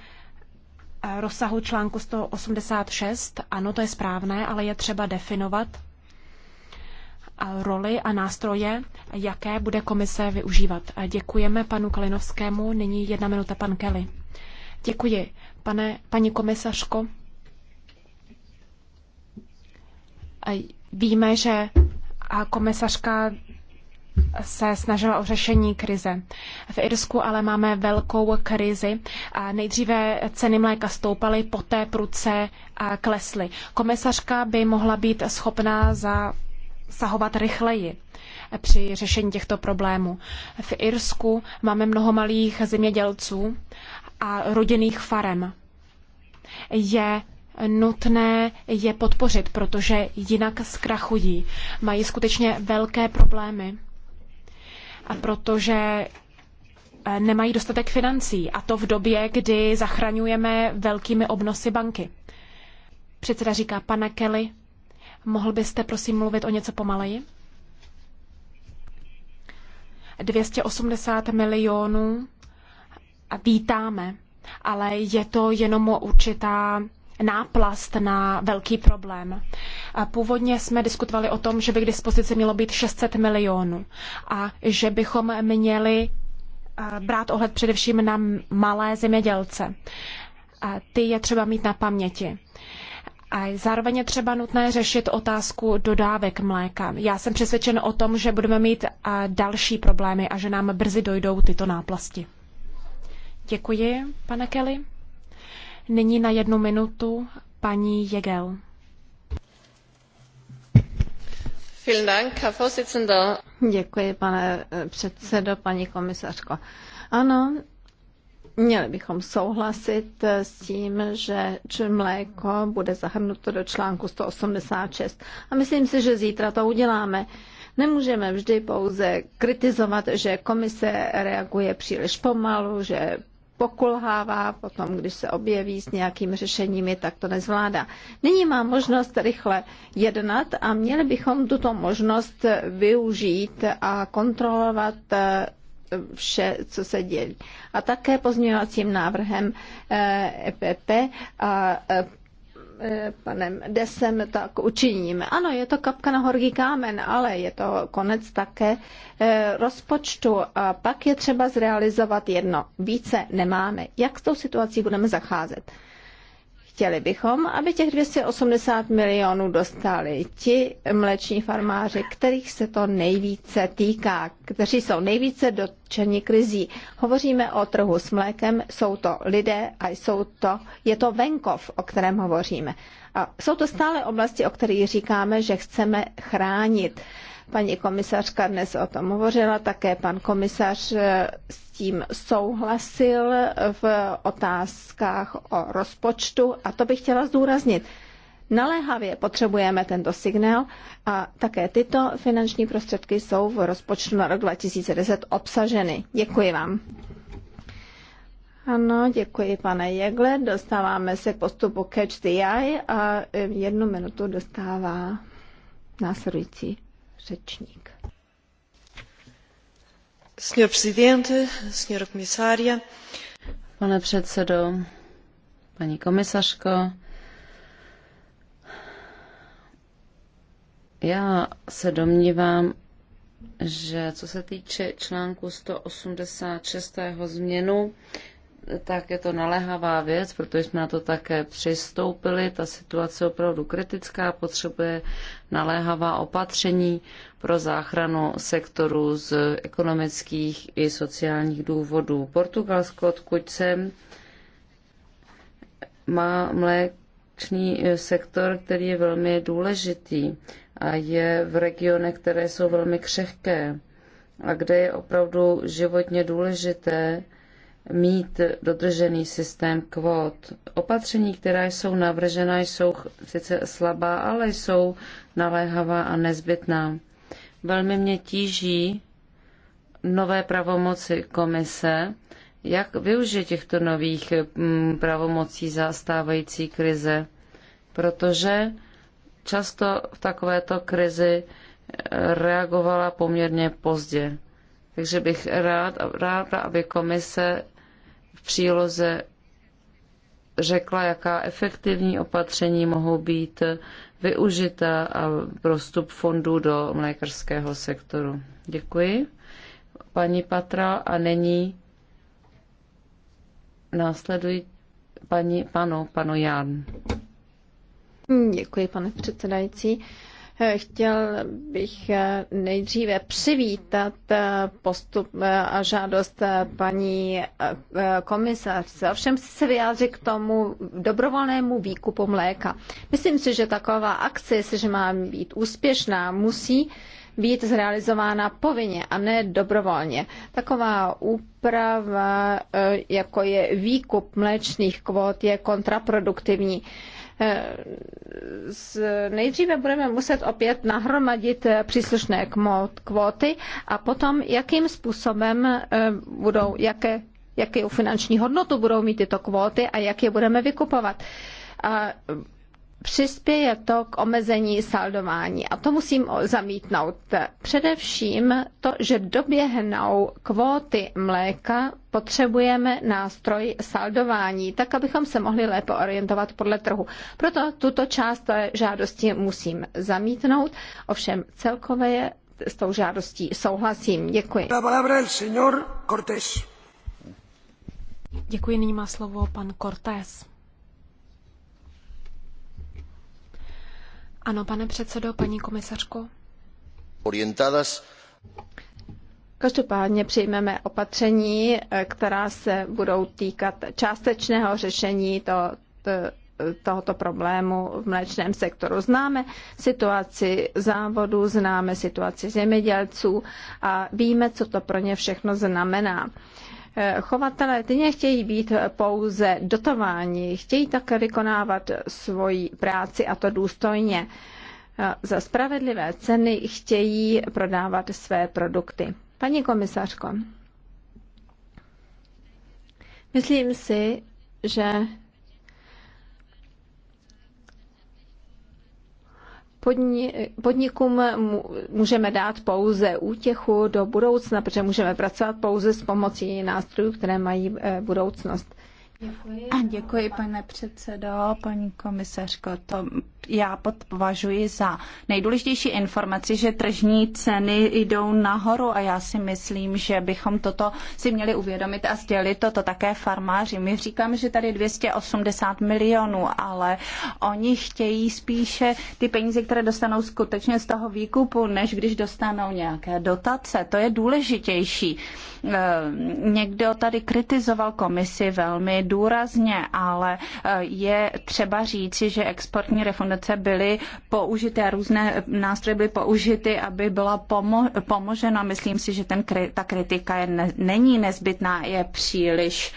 Speaker 2: eh, rozsahu článku 186, ano, to je správné, ale je třeba definovat eh, roli a nástroje, jaké bude komise využívat. Eh, děkujeme panu Kalinovskému. Nyní jedna minuta pan Kelly. Děkuji. Pane, paní komisařko, víme, že a komisařka se snažila o řešení krize. V Irsku ale máme velkou krizi. A nejdříve ceny mléka stoupaly, poté a klesly. Komisařka by mohla být schopná zasahovat rychleji při řešení těchto problémů. V Irsku máme mnoho malých zemědělců a rodinných farem. Je nutné je podpořit, protože jinak zkrachují. Mají skutečně velké problémy, a protože eh, nemají dostatek financí a to v době, kdy zachraňujeme velkými obnosy banky. Předseda říká, pane Kelly, mohl byste prosím mluvit o něco pomaleji? 280 milionů vítáme, ale je to jenom určitá náplast na velký problém. Původně jsme diskutovali o tom, že by k dispozici mělo být 600 milionů a že bychom měli brát ohled především na malé zemědělce. Ty je třeba mít na paměti. A zároveň je třeba nutné řešit otázku dodávek mléka. Já jsem přesvědčen o tom, že budeme mít další problémy a že nám brzy dojdou tyto náplasti. Děkuji, pane Kelly. Nyní na jednu minutu paní Jegel. Děkuji, pane eh, předsedo,
Speaker 3: paní komisařko. Ano, měli bychom souhlasit eh, s tím, že mléko bude zahrnuto do článku 186. A myslím si, že zítra to uděláme. Nemůžeme vždy pouze kritizovat, že komise reaguje příliš pomalu, že pokulhává, potom když se objeví s nějakým řešením, tak to nezvládá. Nyní má možnost rychle jednat a měli bychom tuto možnost využít a kontrolovat eh, vše, co se dělí. A také pozměňovacím návrhem EPP eh, e a eh, Eh, panem Desem tak učiním. Ano, je to kapka na horký kámen, ale je to konec také eh, rozpočtu a pak je třeba zrealizovat jedno. Více nemáme. Jak s tou situací budeme zacházet? Chtěli bychom, aby těch 280 milionů dostali ti mleční farmáři, kterých se to nejvíce týká, kteří jsou nejvíce dotčeni krizí. Hovoříme o trhu s mlékem, jsou to lidé a jsou to, je to venkov, o kterém hovoříme. A jsou to stále oblasti, o kterých říkáme, že chceme chránit. Paní komisařka dnes o tom hovořila, také pan komisař eh, s tím souhlasil v otázkách o rozpočtu a to bych chtěla zdůraznit. Naléhavě potřebujeme tento signál a také tyto finanční prostředky jsou v rozpočtu na rok 2010 obsaženy. Děkuji vám. Ano, děkuji pane Jegle. Dostáváme se k postupu Catch the Eye a eh, jednu minutu dostává následující řečník.
Speaker 1: Pane předsedo, paní komisařko, já se domnívám, že co se týče článku 186. změnu tak je to naléhavá věc, protože jsme na to také přistoupili. Ta situace je opravdu kritická, potřebuje naléhavá opatření pro záchranu sektoru z ekonomických i sociálních důvodů. Portugalsko, odkud jsem, má mléčný eh, sektor, který je velmi důležitý a je v regionech, které jsou velmi křehké a kde je opravdu životně důležité, mít dodržený systém kvót. Opatření, která jsou navržena, jsou sice slabá, ale jsou naléhavá a nezbytná. Velmi mě tíží nové pravomoci komise, jak využít těchto nových mm, pravomocí za stávající krize, protože často v takovéto krizi eh, reagovala poměrně pozdě. Takže bych rád, rád aby komise příloze řekla, jaká efektivní opatření mohou být využita a prostup fondů do mlékařského sektoru. Děkuji. Paní Patra a není následují paní, panu, panu Jan. Děkuji, pane předsedající.
Speaker 3: Chtěl bych eh, nejdříve přivítat eh, postup eh, a žádost paní komisařce. Ovšem se vyjádřit k tomu dobrovolnému výkupu mléka. Myslím si, že taková akce, jestliže má být úspěšná, musí být zrealizována povinně a ne dobrovolně. Taková úprava, jako je výkup mléčných kvót, je kontraproduktivní. Eh, nejdříve budeme muset opět nahromadit eh, příslušné kvóty a potom, jakým způsobem eh, budou, jaké, jakou finanční hodnotu budou mít tyto kvóty a jak je budeme vykupovat. A přispěje to k omezení saldování. A to musím zamítnout. Především to, že doběhnou kvóty mléka, potřebujeme nástroj saldování, tak abychom se mohli lépe orientovat podle trhu. Proto tuto část žádosti musím zamítnout, ovšem celkově s tou žádostí souhlasím. Děkuji.
Speaker 2: Děkuji, nyní má slovo pan Cortés. Ano, pane předsedo, paní komisařko.
Speaker 1: Orientadas
Speaker 2: Každopádně přijmeme
Speaker 3: opatření, která se budou týkat částečného řešení to, to, tohoto problému v mléčném sektoru. Známe situaci závodu, známe situaci zemědělců a víme, co to pro ně všechno znamená. Eh, chovatelé ty nechtějí být pouze dotováni, chtějí také vykonávat svoji práci a to důstojně. Eh, za spravedlivé ceny chtějí prodávat své produkty. Paní komisařko, myslím si, že podnikům můžeme dát pouze útěchu do budoucna, protože můžeme pracovat pouze s pomocí nástrojů, které mají eh, budoucnost.
Speaker 4: Děkuji. Děkuji, pane předsedo, paní komisařko. To já považuji za nejdůležitější informaci, že tržní ceny jdou nahoru a já si myslím, že bychom toto si měli uvědomit a sdělit toto také farmáři. My říkáme, že tady 280 milionů, ale oni chtějí spíše ty peníze, které dostanou skutečně z toho výkupu, než když dostanou nějaké dotace. To je důležitější. Eh, někdo tady kritizoval komisi velmi důrazně, ale eh, je třeba říci, že exportní refundace byly použity a různé eh, nástroje byly použity, aby byla pomo- pomožena. Myslím si, že ten, ta kritika je, není nezbytná, je příliš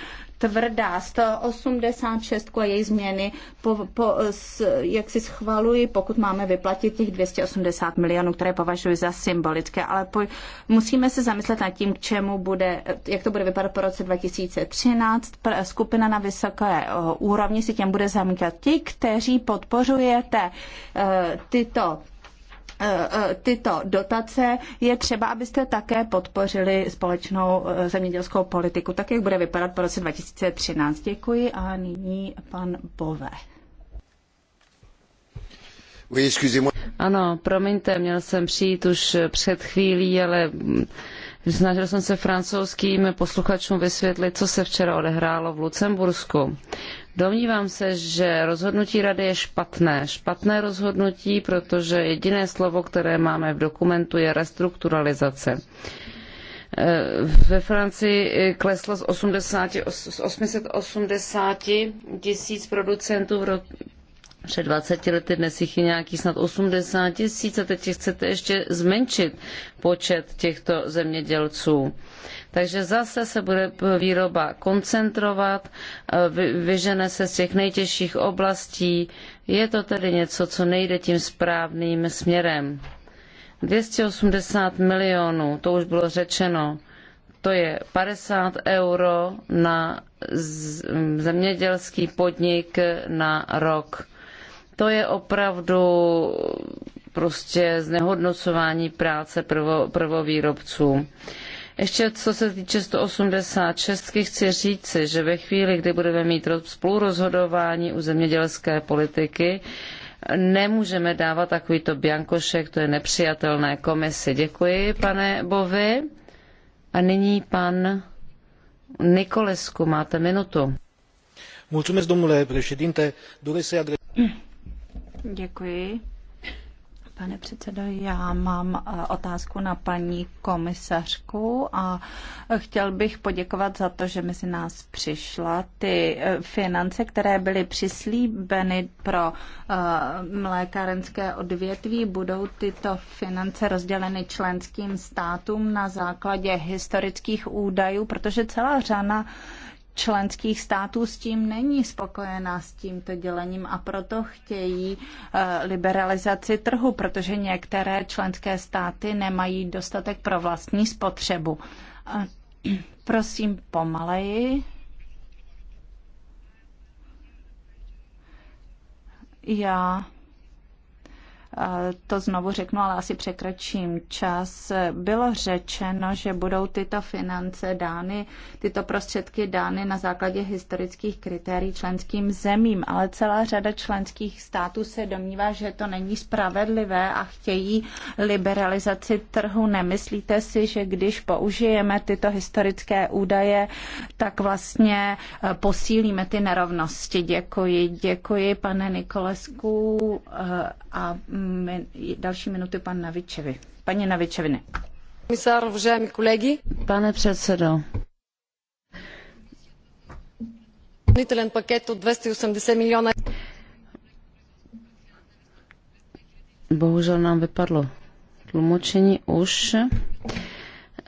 Speaker 4: tvrdá. 186 a její změny po, po, s, jak si schvaluji, pokud máme vyplatit těch 280 milionů, které považuji za symbolické, ale po, musíme se zamyslet nad tím, k čemu bude, jak to bude vypadat po roce 2013. Skupina na vysoké úrovni si těm bude zamýkat ti, kteří podpořujete e, tyto Eh, eh, tyto dotace, je třeba, abyste také podpořili společnou eh, zemědělskou politiku, tak jak bude vypadat po roce 2013. Děkuji a nyní pan Bové. Ano,
Speaker 1: promiňte, měl jsem přijít už před chvílí, ale Snažil jsem se francouzským posluchačům vysvětlit, co se včera odehrálo v Lucembursku. Domnívám se, že rozhodnutí rady je špatné. Špatné rozhodnutí, protože jediné slovo, které máme v dokumentu, je restrukturalizace. Ve Francii kleslo z, 80, z 880 tisíc producentů v před 20 lety, dnes jich je nějakých snad 80 tisíc a teď chcete ještě zmenšit počet těchto zemědělců. Takže zase se bude výroba koncentrovat, eh, vyžene se z těch nejtěžších oblastí. Je to tedy něco, co nejde tím správným směrem. 280 milionů, to už bylo řečeno, to je 50 euro na mm, zemědělský podnik na rok to je opravdu prostě znehodnocování práce prvo, prvovýrobců. Ještě co se týče 186, chci říci, že ve chvíli, kdy budeme mít spolurozhodování u zemědělské politiky, nemůžeme dávat takovýto biankošek, to je nepřijatelné komisi. Děkuji, pane Bovi. A nyní pan Nikolesku, máte minutu.
Speaker 3: Mulțumesc, domnule președinte. Doresc să
Speaker 4: Děkuji. Pane předsedo, já mám eh, otázku na paní komisařku a chtěl bych poděkovat za to, že mezi nás přišla. Ty eh, finance, které byly přislíbeny pro eh, mlékárenské odvětví, budou tyto finance rozděleny členským státům na základě historických údajů, protože celá řada členských států s tím není spokojená s tímto dělením a proto chtějí eh, liberalizaci trhu, protože některé členské státy nemají dostatek pro vlastní spotřebu. <clears throat> Prosím, pomaleji. Já to znovu řeknu, ale asi překračím čas. Bylo řečeno, že budou tyto finance dány, tyto prostředky dány na základě historických kritérií členským zemím, ale celá řada členských států se domnívá, že to není spravedlivé a chtějí liberalizaci trhu. Nemyslíte si, že když použijeme tyto historické údaje, tak vlastně eh, posílíme ty nerovnosti? Děkuji, děkuji pane Nikolesku eh, a mm, další minuty pan Navičevi. Paní Navičeviny. kolegy.
Speaker 1: Pane předsedo.
Speaker 4: 280
Speaker 1: milionů. Bohužel nám vypadlo tlumočení už.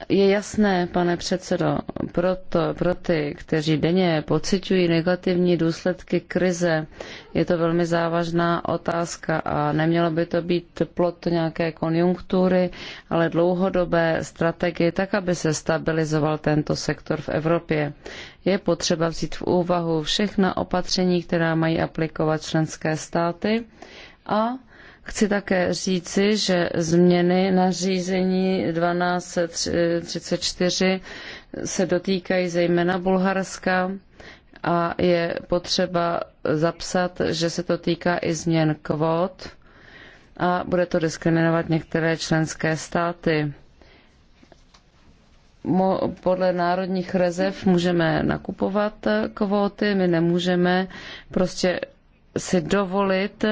Speaker 1: Je jasné, pane předsedo, proto, pro ty, kteří denně pociťují negativní důsledky krize, je to velmi závažná otázka a nemělo by to být plot nějaké konjunktury, ale dlouhodobé strategie, tak aby se stabilizoval tento sektor v Evropě. Je potřeba vzít v úvahu všechna opatření, která mají aplikovat členské státy a Chci také říci, že změny nařízení 1234 se dotýkají zejména Bulharska a je potřeba zapsat, že se to týká i změn kvót a bude to diskriminovat některé členské státy. Podle národních rezerv můžeme nakupovat kvóty, my nemůžeme prostě si dovolit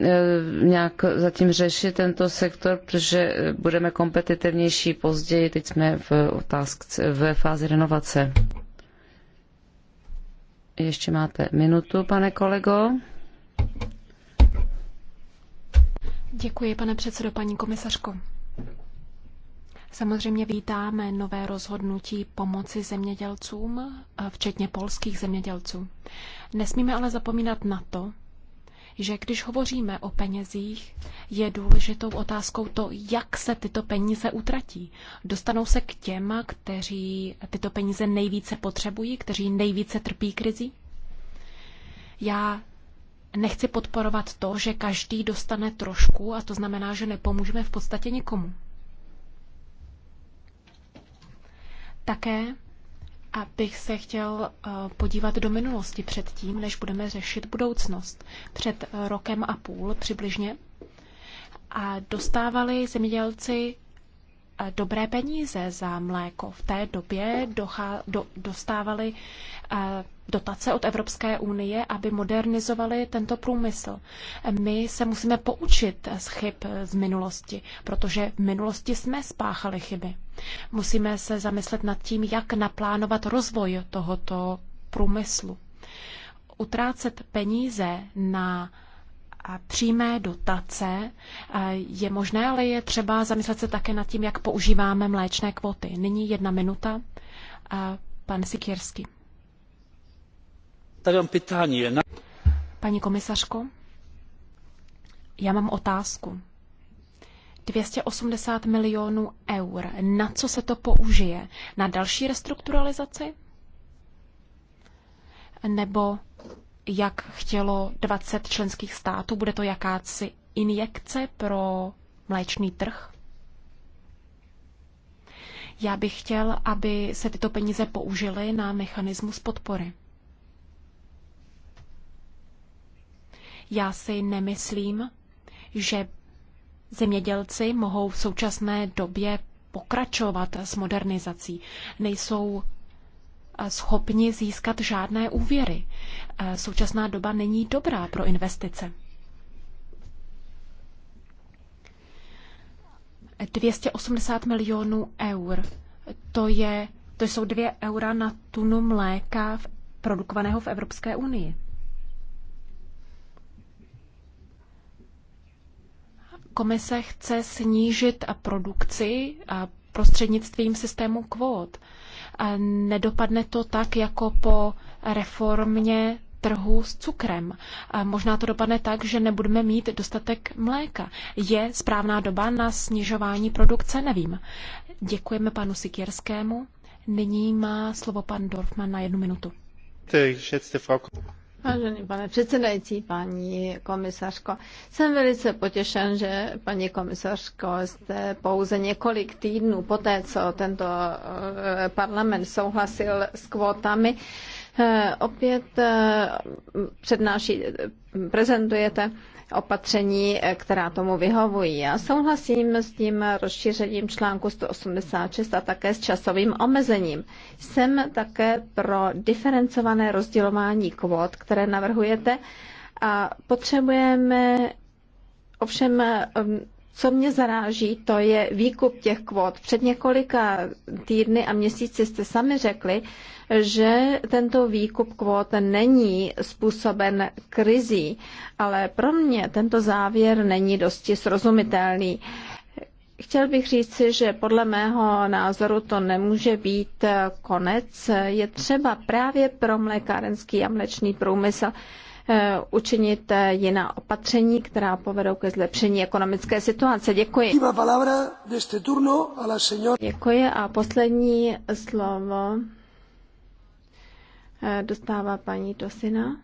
Speaker 1: E, nějak zatím řešit tento sektor, protože budeme kompetitivnější později, teď jsme v otázce, v fázi renovace. Ještě máte minutu, pane kolego.
Speaker 2: Děkuji, pane předsedo, paní komisařko. Samozřejmě vítáme nové rozhodnutí pomoci zemědělcům, včetně polských zemědělců. Nesmíme ale zapomínat na to, že když hovoříme o penězích, je důležitou otázkou to, jak se tyto peníze utratí. Dostanou se k těm, kteří tyto peníze nejvíce potřebují, kteří nejvíce trpí krizí? Já nechci podporovat to, že každý dostane trošku a to znamená, že nepomůžeme v podstatě nikomu. Také abych se chtěl eh, podívat do minulosti před tím, než budeme řešit budoucnost. Před eh, rokem a půl přibližně a dostávali zemědělci dobré peníze za mléko. V té době dochá, do, dostávali eh, dotace od Evropské unie, aby modernizovali tento průmysl. My se musíme poučit z chyb z minulosti, protože v minulosti jsme spáchali chyby. Musíme se zamyslet nad tím, jak naplánovat rozvoj tohoto průmyslu. Utrácet peníze na přímé dotace je možné, ale je třeba zamyslet se také nad tím, jak používáme mléčné kvoty. Nyní jedna minuta. Pan
Speaker 4: Tady mám pytání. Na...
Speaker 2: Paní komisařko, já mám otázku. 280 milionů eur. Na co se to použije? Na další restrukturalizaci? Nebo jak chtělo 20 členských států? Bude to jakáci injekce pro mléčný trh? Já bych chtěl, aby se tyto peníze použily na mechanismus podpory. Já si nemyslím, že zemědělci mohou v současné době pokračovat s modernizací. Nejsou schopni získat žádné úvěry. Současná doba není dobrá pro investice. 280 milionů eur. To, je, to jsou 2 eura na tunu mléka v, produkovaného v Evropské unii. Komise chce snížit produkci prostřednictvím systému kvót nedopadne to tak, jako po reformě trhu s cukrem. A možná to dopadne tak, že nebudeme mít dostatek mléka. Je správná doba na snižování produkce? Nevím. Děkujeme panu Sikierskému. Nyní má slovo pan Dorfman na jednu minutu. Vážený
Speaker 3: pane předsedající, paní komisařko, jsem velice potěšen, že paní komisařko jste pouze několik týdnů poté, co tento eh, parlament souhlasil s kvótami, eh, opět eh, přednáší, prezentujete opatření, eh, která tomu vyhovují. Já souhlasím s tím rozšířením článku 186 a také s časovým omezením. Jsem také pro diferencované rozdělování kvot, které navrhujete a potřebujeme ovšem eh, co mě zaráží, to je výkup těch kvót. Před několika týdny a měsíci jste sami řekli, že tento výkup kvót není způsoben krizí, ale pro mě tento závěr není dosti srozumitelný. Chtěl bych říci, že podle mého názoru to nemůže být konec. Je třeba právě pro mlékárenský a mlečný průmysl Eh, učinit eh, jiná opatření, která povedou ke zlepšení ekonomické situace. Děkuji. Děkuji a poslední slovo eh, dostává paní Dosina.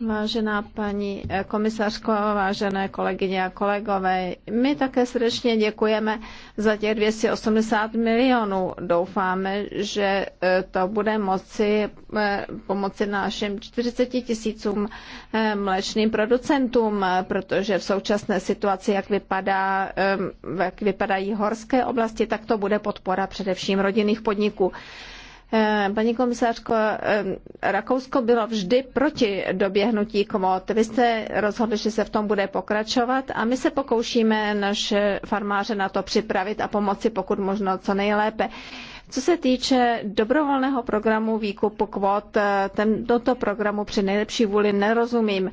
Speaker 3: Vážená paní eh, komisařko, vážené kolegyně a kolegové, my také srdečně děkujeme za těch 280 milionů. Doufáme, že eh, to bude moci eh, pomoci našim 40 tisícům mléčným producentům, protože v současné situaci, jak, vypadá, jak vypadají horské oblasti, tak to bude podpora především rodinných podniků. Eh, paní komisařko, eh, Rakousko bylo vždy proti doběhnutí kvót. Vy jste rozhodli, že se v tom bude pokračovat a my se pokoušíme naše farmáře na to připravit a pomoci pokud možno co nejlépe. Co se týče dobrovolného programu výkupu kvót, eh, tomuto programu při nejlepší vůli nerozumím.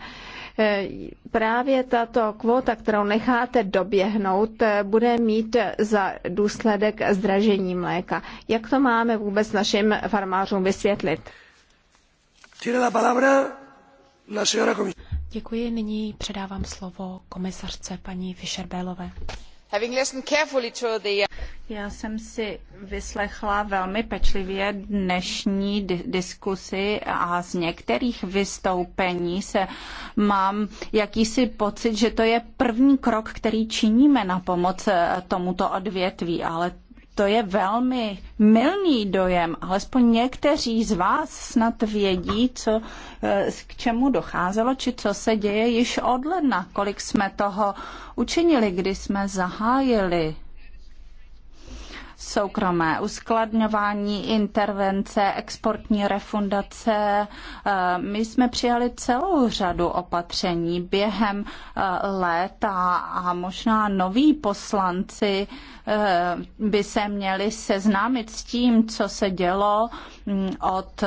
Speaker 3: E, právě tato kvota, kterou necháte doběhnout, e, bude mít za důsledek zdražení mléka. Jak to máme vůbec našim farmářům vysvětlit?
Speaker 2: Děkuji, nyní předávám slovo komisařce paní Fischerbélové.
Speaker 4: Uh, Já jsem si vyslechla velmi pečlivě dnešní diskusi a z některých vystoupení se mám jakýsi pocit, že to je první krok, který činíme na pomoc eh, tomuto odvětví, ale to je velmi milný dojem, alespoň někteří z vás snad vědí, co, eh, k čemu docházelo, či co se děje již od ledna, kolik jsme toho učinili, kdy jsme zahájili soukromé uskladňování, intervence, exportní refundace. Eh, my jsme přijali celou řadu opatření během eh, léta a možná noví poslanci eh, by se měli seznámit s tím, co se dělo mm, od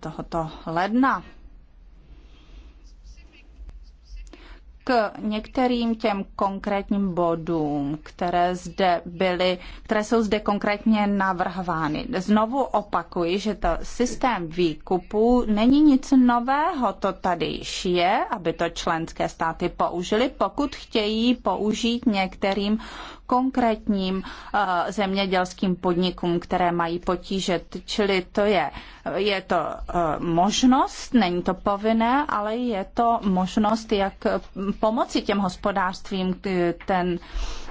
Speaker 4: tohoto ledna. k některým těm konkrétním bodům, které zde byly, které jsou zde konkrétně navrhovány. Znovu opakuji, že to systém výkupu není nic nového, to tady již je, aby to členské státy použili, pokud chtějí použít některým konkrétním eh, zemědělským podnikům, které mají potíže. Čili to je, je to eh, možnost, není to povinné, ale je to možnost, jak pomoci těm hospodářstvím. Ten,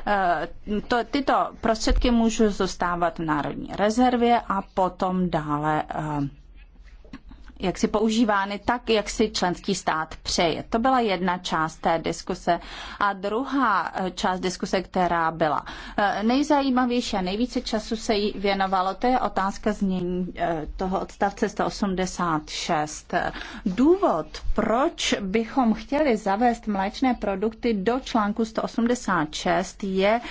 Speaker 4: eh, to, tyto prostředky můžou zůstávat v národní rezervě a potom dále eh, jak si používány tak, jak si členský stát přeje. To byla jedna část té diskuse. A druhá eh, část diskuse, která byla eh, nejzajímavější a nejvíce času se jí věnovalo, to je otázka znění eh, toho odstavce 186. Důvod, proč bychom chtěli zavést mléčné produkty do článku 186, je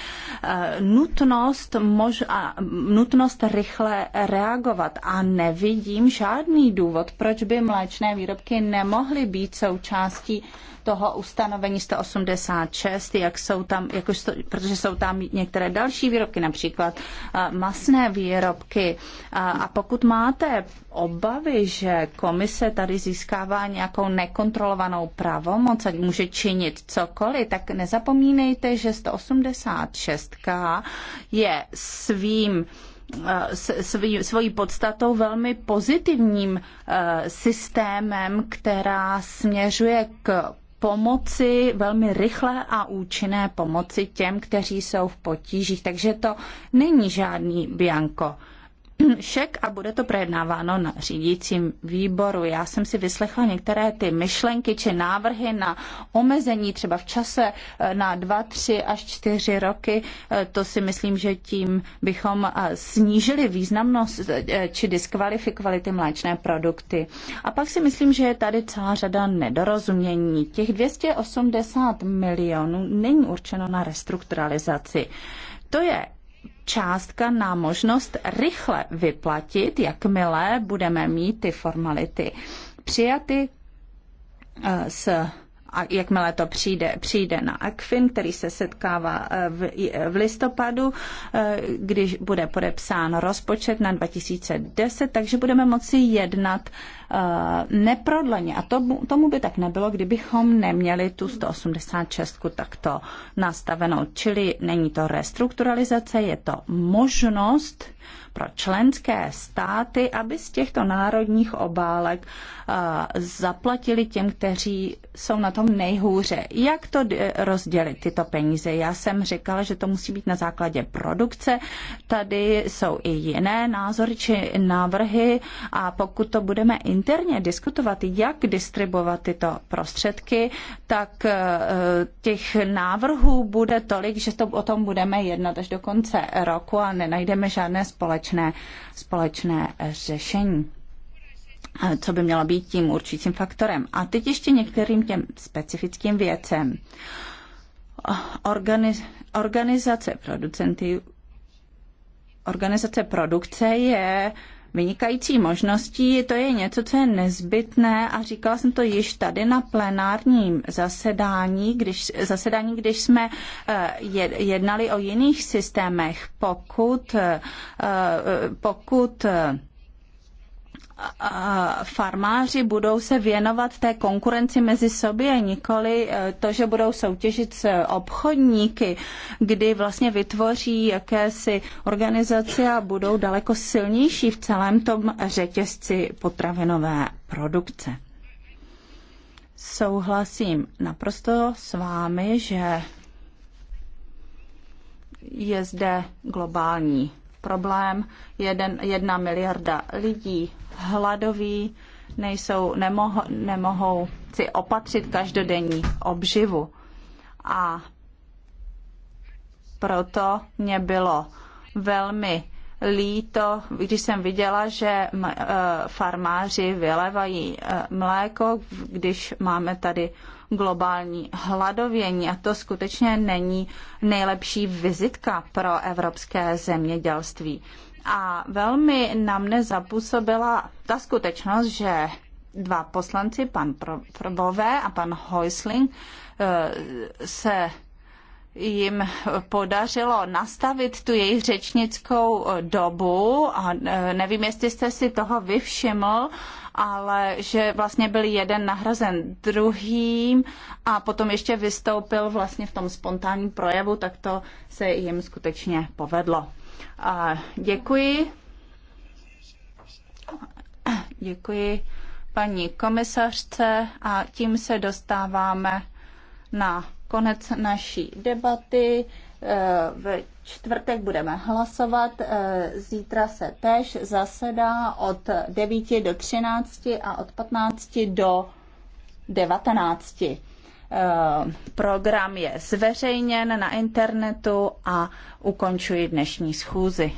Speaker 4: nutnost, mož, nutnost rychle reagovat. A nevidím žádný důvod, proč by mléčné výrobky nemohly být součástí toho ustanovení 186, jak jsou tam, jako, protože jsou tam některé další výrobky, například eh, masné výrobky. Eh, a pokud máte obavy, že komise tady získává nějakou nekontrolovanou pravomoc, ať může činit cokoliv, tak nezapomínejte, že 186 je svým svý, svojí podstatou velmi pozitivním eh, systémem, která směřuje k pomoci, velmi rychlé a účinné pomoci těm, kteří jsou v potížích. Takže to není žádný bianko šek a bude to projednáváno na řídícím výboru. Já jsem si vyslechla některé ty myšlenky či návrhy na omezení třeba v čase eh, na dva, tři až čtyři roky. Eh, to si myslím, že tím bychom eh, snížili významnost či diskvalifikovali ty mléčné produkty. A pak si myslím, že je tady celá řada nedorozumění. Těch 280 milionů není určeno na restrukturalizaci. To je částka na možnost rychle vyplatit, jakmile budeme mít ty formality přijaty eh, s a jakmile to přijde, přijde na ACFIN, který se setkává eh, v, eh, v listopadu, eh, když bude podepsán rozpočet na 2010, takže budeme moci jednat neprodleně. A tomu, tomu by tak nebylo, kdybychom neměli tu 186 takto nastavenou. Čili není to restrukturalizace, je to možnost pro členské státy, aby z těchto národních obálek eh, zaplatili těm, kteří jsou na tom nejhůře. Jak to eh, rozdělit, tyto peníze? Já jsem říkala, že to musí být na základě produkce. Tady jsou i jiné názory či návrhy a pokud to budeme interně diskutovat, jak distribuovat tyto prostředky, tak eh, těch návrhů bude tolik, že to o tom budeme jednat až do konce roku a nenajdeme žádné společné společné, společné eh, řešení eh, co by mělo být tím určitým faktorem. A teď ještě některým těm specifickým věcem. Eh, organiz, organizace producenty, organizace produkce je vynikající možností. To je něco, co je nezbytné a říkala jsem to již tady na plenárním zasedání, když, zasedání, když jsme eh, jednali o jiných systémech. Pokud, eh, eh, pokud farmáři budou se věnovat té konkurenci mezi sobě, nikoli e, to, že budou soutěžit s obchodníky, kdy vlastně vytvoří jakési organizace a budou daleko silnější v celém tom řetězci potravinové produkce. Souhlasím naprosto s vámi, že je zde globální problém. Jeden, jedna miliarda lidí hladoví, nejsou, nemoh, nemohou si opatřit každodenní obživu. A proto mě bylo velmi líto, když jsem viděla, že e, farmáři vylevají e, mléko, když máme tady globální hladovění a to skutečně není nejlepší vizitka pro evropské zemědělství. A velmi na mne zapůsobila ta skutečnost, že dva poslanci, pan Probové a pan Heusling, eh, se jim podařilo nastavit tu jejich řečnickou dobu a eh, nevím, jestli jste si toho vyvšiml, ale že vlastně byl jeden nahrazen druhým a potom ještě vystoupil vlastně v tom spontánním projevu, tak to se jim skutečně povedlo. A děkuji. Děkuji paní komisařce a tím se dostáváme na konec naší debaty. Eh, v čtvrtek budeme hlasovat, eh, zítra se tež zasedá od 9 do 13 a od 15 do 19. Eh, program je zveřejněn na internetu a ukončuji dnešní schůzi.